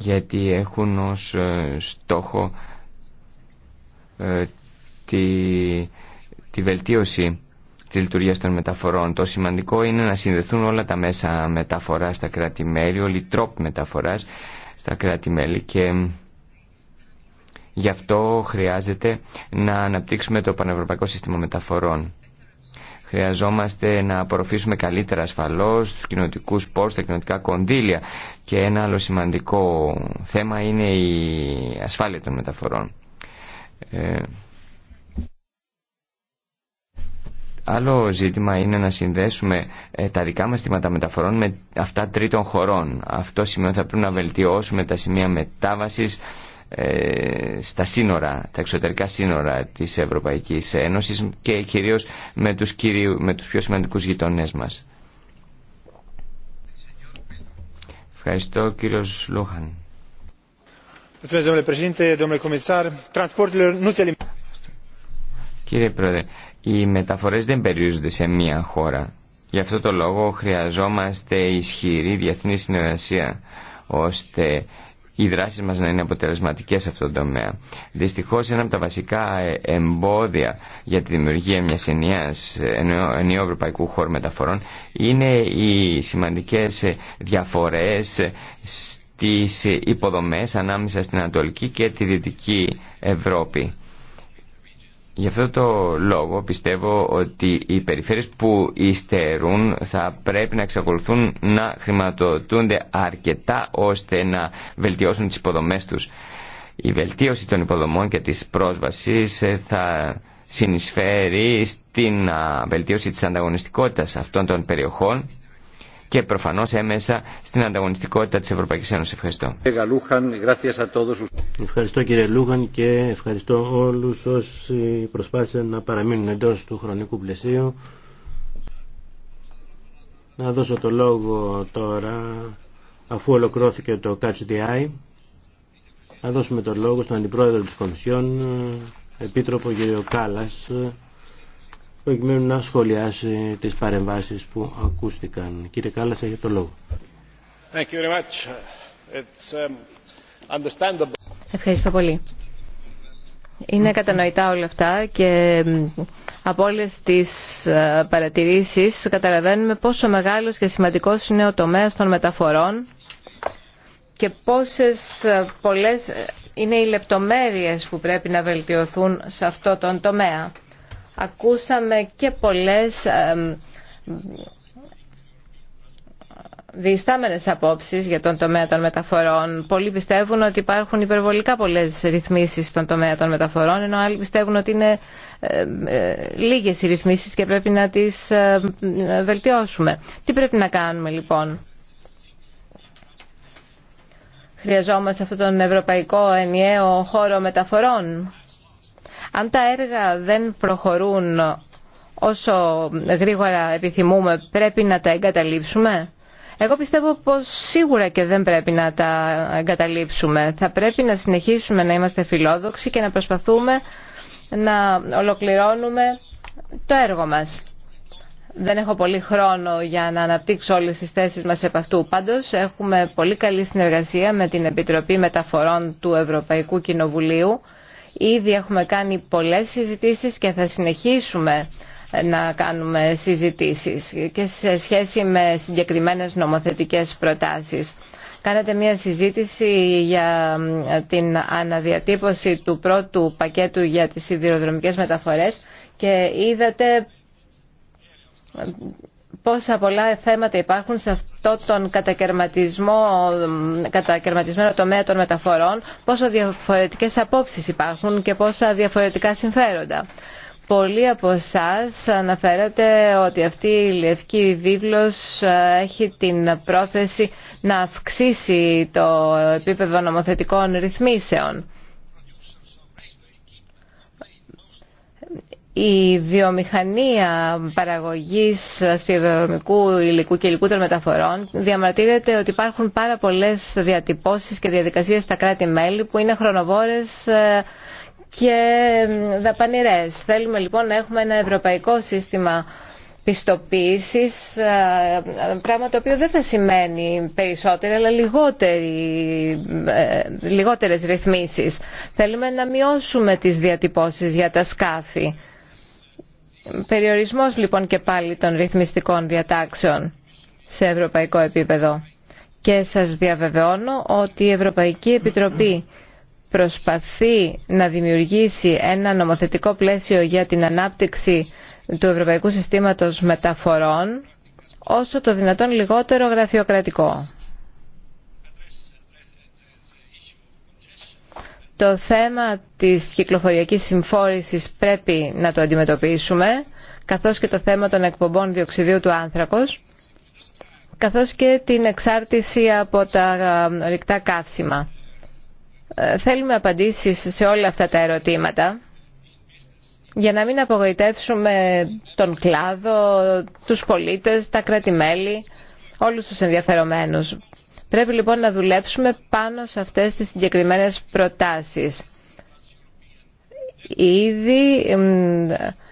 γιατί έχουν ως ε, στόχο ε, τη, τη βελτίωση της λειτουργίας των μεταφορών. Το σημαντικό είναι να συνδεθούν όλα τα μέσα μεταφοράς στα κράτη-μέλη, όλοι οι τρόποι μεταφοράς στα κράτη-μέλη και γι' αυτό χρειάζεται να αναπτύξουμε το Πανευρωπαϊκό Σύστημα Μεταφορών. Χρειαζόμαστε να απορροφήσουμε καλύτερα ασφαλώς τους κοινωτικούς πόρους, τα κοινωτικά κονδύλια. Και ένα άλλο σημαντικό θέμα είναι η ασφάλεια των μεταφορών. Ε, άλλο ζήτημα είναι να συνδέσουμε ε, τα δικά μας στήματα μεταφορών με αυτά τρίτων χωρών. Αυτό σημαίνει ότι θα πρέπει να βελτιώσουμε τα σημεία μετάβασης ε, στα σύνορα, τα εξωτερικά σύνορα της Ευρωπαϊκής Ένωσης και κυρίως με τους, κυρίου, με τους πιο σημαντικούς γειτονές μας. Ευχαριστώ κύριος Λούχαν. Κύριε Πρόεδρε, οι μεταφορές δεν περιορίζονται σε μία χώρα. Γι' αυτό το λόγο χρειαζόμαστε ισχυρή διεθνή συνεργασία ώστε οι δράσεις μας να είναι αποτελεσματικές σε αυτόν τον τομέα. Δυστυχώς ένα από τα βασικά ε, εμπόδια για τη δημιουργία μιας ενιαίας ενιαίου ευρωπαϊκού χώρου μεταφορών είναι οι σημαντικές ε, διαφορές ε, στις υποδομές ανάμεσα στην Ανατολική και τη Δυτική Ευρώπη. Γι' αυτό το λόγο πιστεύω ότι οι περιφέρειες που υστερούν θα πρέπει να εξακολουθούν να χρηματοδοτούνται αρκετά ώστε να βελτιώσουν τις υποδομές τους. Η βελτίωση των υποδομών και της πρόσβασης ε, θα συνεισφέρει στην βελτίωση της ανταγωνιστικότητας αυτών των περιοχών και προφανώ έμεσα στην ανταγωνιστικότητα τη Ευρωπαϊκή Ένωση. Ευχαριστώ. Ευχαριστώ κύριε Λούχαν και ευχαριστώ όλου όσοι προσπάθησαν να παραμείνουν εντό του χρονικού πλαισίου. Να δώσω το λόγο τώρα, αφού ολοκληρώθηκε το Catch the Eye, να δώσουμε το λόγο στον Αντιπρόεδρο της Κομισιόν, Επίτροπο κ. Κάλλας, προκειμένου να σχολιάσει τις παρεμβάσεις που ακούστηκαν. Κύριε Κάλλας, για το λόγο. Um, Ευχαριστώ πολύ. Είναι κατανοητά όλα αυτά και από όλε τι ε, παρατηρήσει καταλαβαίνουμε πόσο μεγάλο και σημαντικό είναι ο τομέα των μεταφορών και πόσε πολλέ είναι οι λεπτομέρειε που πρέπει να βελτιωθούν σε αυτό τον τομέα. Ακούσαμε και πολλές διστάμενες απόψεις για τον τομέα των μεταφορών. Πολλοί πιστεύουν ότι υπάρχουν υπερβολικά πολλές ρυθμίσεις στον τομέα των μεταφορών, ενώ άλλοι πιστεύουν ότι είναι ε, λίγες οι ρυθμίσεις και πρέπει να τις βελτιώσουμε. Τι πρέπει να κάνουμε λοιπόν. Χρειαζόμαστε αυτόν τον ευρωπαϊκό ενιαίο χώρο μεταφορών. Αν τα έργα δεν προχωρούν όσο γρήγορα επιθυμούμε, πρέπει να τα εγκαταλείψουμε. Εγώ πιστεύω πως σίγουρα και δεν πρέπει να τα εγκαταλείψουμε. Θα πρέπει να συνεχίσουμε να είμαστε φιλόδοξοι και να προσπαθούμε να ολοκληρώνουμε το έργο μας. Δεν έχω πολύ χρόνο για να αναπτύξω όλες τις θέσεις μας επ' αυτού. Πάντως έχουμε πολύ καλή συνεργασία με την Επιτροπή Μεταφορών του Ευρωπαϊκού Κοινοβουλίου Ήδη έχουμε κάνει πολλές συζητήσεις και θα συνεχίσουμε να κάνουμε συζητήσεις και σε σχέση με συγκεκριμένες νομοθετικές προτάσεις. Κάνατε μια συζήτηση για την αναδιατύπωση του πρώτου πακέτου για τις σιδηροδρομικές μεταφορές και είδατε πόσα πολλά θέματα υπάρχουν σε αυτό τον κατακαιρματισμό, κατακαιρματισμένο τομέα των μεταφορών, πόσο διαφορετικές απόψεις υπάρχουν και πόσα διαφορετικά συμφέροντα. Πολλοί από εσά αναφέρατε ότι αυτή η λευκή βίβλος ε, έχει την πρόθεση να αυξήσει το επίπεδο νομοθετικών ρυθμίσεων. η βιομηχανία παραγωγής σιδηροδρομικού υλικού και υλικού των μεταφορών διαμαρτύρεται ότι υπάρχουν πάρα πολλές διατυπώσεις και διαδικασίες στα κράτη-μέλη που είναι χρονοβόρες ε, και δαπανηρές. Θέλουμε λοιπόν να έχουμε ένα ευρωπαϊκό σύστημα πιστοποίησης, ε, πράγμα το οποίο δεν θα σημαίνει περισσότερα, αλλά λιγότερη, ε, λιγότερες ρυθμίσεις. Θέλουμε να μειώσουμε τις διατυπώσεις για τα σκάφη. Περιορισμός λοιπόν και πάλι των ρυθμιστικών διατάξεων σε ευρωπαϊκό επίπεδο. Και σας διαβεβαιώνω ότι η Ευρωπαϊκή Επιτροπή προσπαθεί να δημιουργήσει ένα νομοθετικό πλαίσιο για την ανάπτυξη του Ευρωπαϊκού Συστήματος Μεταφορών όσο το δυνατόν λιγότερο γραφειοκρατικό. Το θέμα της κυκλοφοριακής συμφόρησης πρέπει να το αντιμετωπίσουμε, καθώς και το θέμα των εκπομπών διοξιδίου του άνθρακος, καθώς και την εξάρτηση από τα ε, ρηκτά καύσιμα. Ε, θέλουμε απαντήσεις σε όλα αυτά τα ερωτήματα για να μην απογοητεύσουμε τον κλάδο, τους πολίτες, τα κρατη όλους τους ενδιαφερομένους. Πρέπει λοιπόν να δουλέψουμε πάνω σε αυτές τις συγκεκριμένες προτάσεις. Ήδη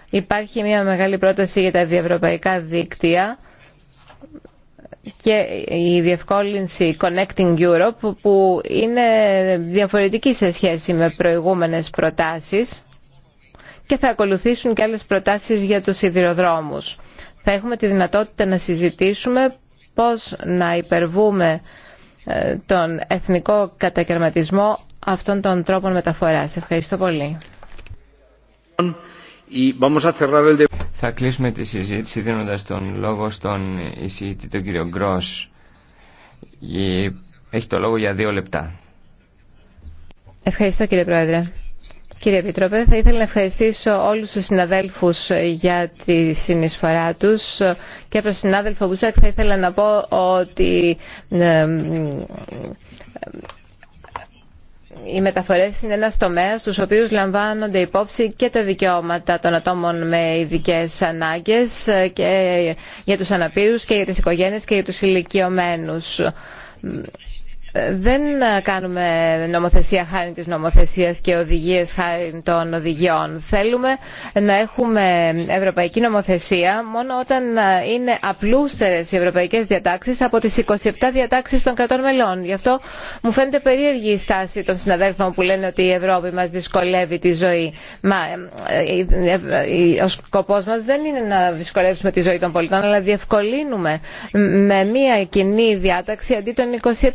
υπάρχει μια μεγάλη πρόταση για τα διευρωπαϊκά δίκτυα και η διευκόλυνση Connecting Europe που είναι διαφορετική σε σχέση με προηγούμενες προτάσεις και θα ακολουθήσουν και άλλες προτάσεις για τους σιδηροδρόμους. Θα έχουμε τη δυνατότητα να συζητήσουμε πώς να υπερβούμε ε, τον εθνικό κατακαιρματισμό αυτών των τρόπων μεταφοράς. Ευχαριστώ πολύ. Θα κλείσουμε τη συζήτηση δίνοντας τον λόγο στον εισηγητή τον κύριο Γκρός. Έχει το λόγο για δύο λεπτά. Ευχαριστώ κύριε Πρόεδρε. Κύριε Επιτροπέ, θα ήθελα να ευχαριστήσω όλους τους συναδέλφους για τη συνεισφορά τους και προς συνάδελφο συναδέλφους θα ήθελα να πω ότι ε, ε, οι μεταφορές είναι ένας τομέας στους οποίους λαμβάνονται υπόψη και τα δικαιώματα των ατόμων με ειδικέ ανάγκες και για τους αναπήρους και για τις οικογένειες και για τους ηλικιωμένους ε, δεν ε, κάνουμε νομοθεσία χάρη της νομοθεσίας και οδηγίες χάρη των οδηγιών. Θέλουμε να έχουμε ευρωπαϊκή νομοθεσία μόνο όταν ε, είναι απλούστερες οι ευρωπαϊκές διατάξεις από τις 27 διατάξεις των κρατών μελών. Γι' αυτό μου φαίνεται περίεργη η στάση των συναδέλφων που λένε ότι η Ευρώπη μας δυσκολεύει τη ζωή. Μα, ο σκοπός μας δεν είναι να δυσκολεύσουμε τη ζωή των πολιτών, αλλά διευκολύνουμε με μια κοινή διάταξη αντί των 27.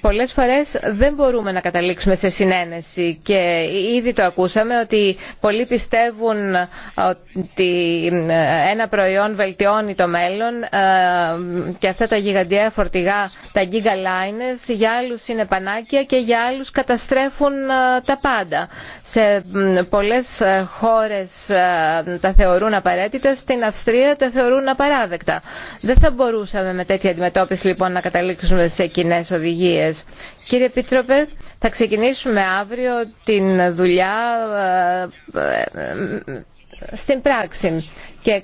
πολλές φορές δεν μπορούμε να καταλήξουμε σε συνένεση και ήδη το ακούσαμε ότι πολλοί πιστεύουν ότι ένα προϊόν βελτιώνει το μέλλον ε, και αυτά τα γιγαντιαία φορτηγά, τα gigalines, για άλλους είναι πανάκια και για άλλους καταστρέφουν ε, τα πάντα. Σε πολλές ε, χώρες τα θεωρούν απαραίτητα, στην Αυστρία τα θεωρούν απαράδεκτα. Δεν θα μπορούσαμε με τέτοια αντιμετώπιση λοιπόν να καταλήξουμε σε κοινέ οδηγίες Κύριε Επίτροπε, θα ξεκινήσουμε αύριο την δουλειά ε, ε, ε, στην πράξη και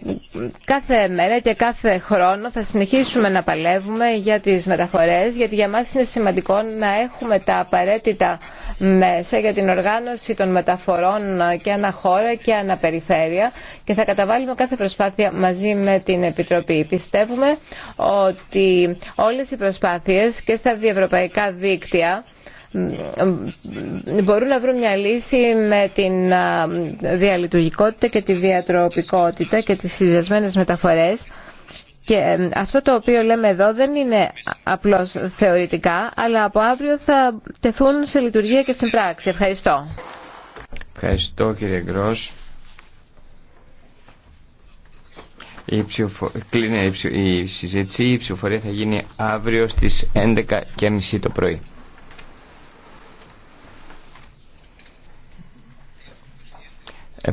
κάθε μέρα και κάθε χρόνο θα συνεχίσουμε να παλεύουμε για τις μεταφορές γιατί για μας είναι σημαντικό να έχουμε τα απαραίτητα μέσα για την οργάνωση των μεταφορών και αναχώρα και αναπεριφέρεια και θα καταβάλουμε κάθε προσπάθεια μαζί με την Επιτροπή. Πιστεύουμε ότι όλες οι προσπάθειες και στα διευρωπαϊκά δίκτυα μπορούν να βρουν μια λύση με την διαλειτουργικότητα και τη διατροπικότητα και τις συνδυασμένες μεταφορές και ε, αυτό το οποίο λέμε εδώ δεν είναι απλώς θεωρητικά αλλά από αύριο θα τεθούν σε λειτουργία και στην πράξη. Ευχαριστώ. Ευχαριστώ κύριε Η, ψηφο... η συζήτηση, η ψηφοφορία θα γίνει αύριο στις 11.30 το πρωί.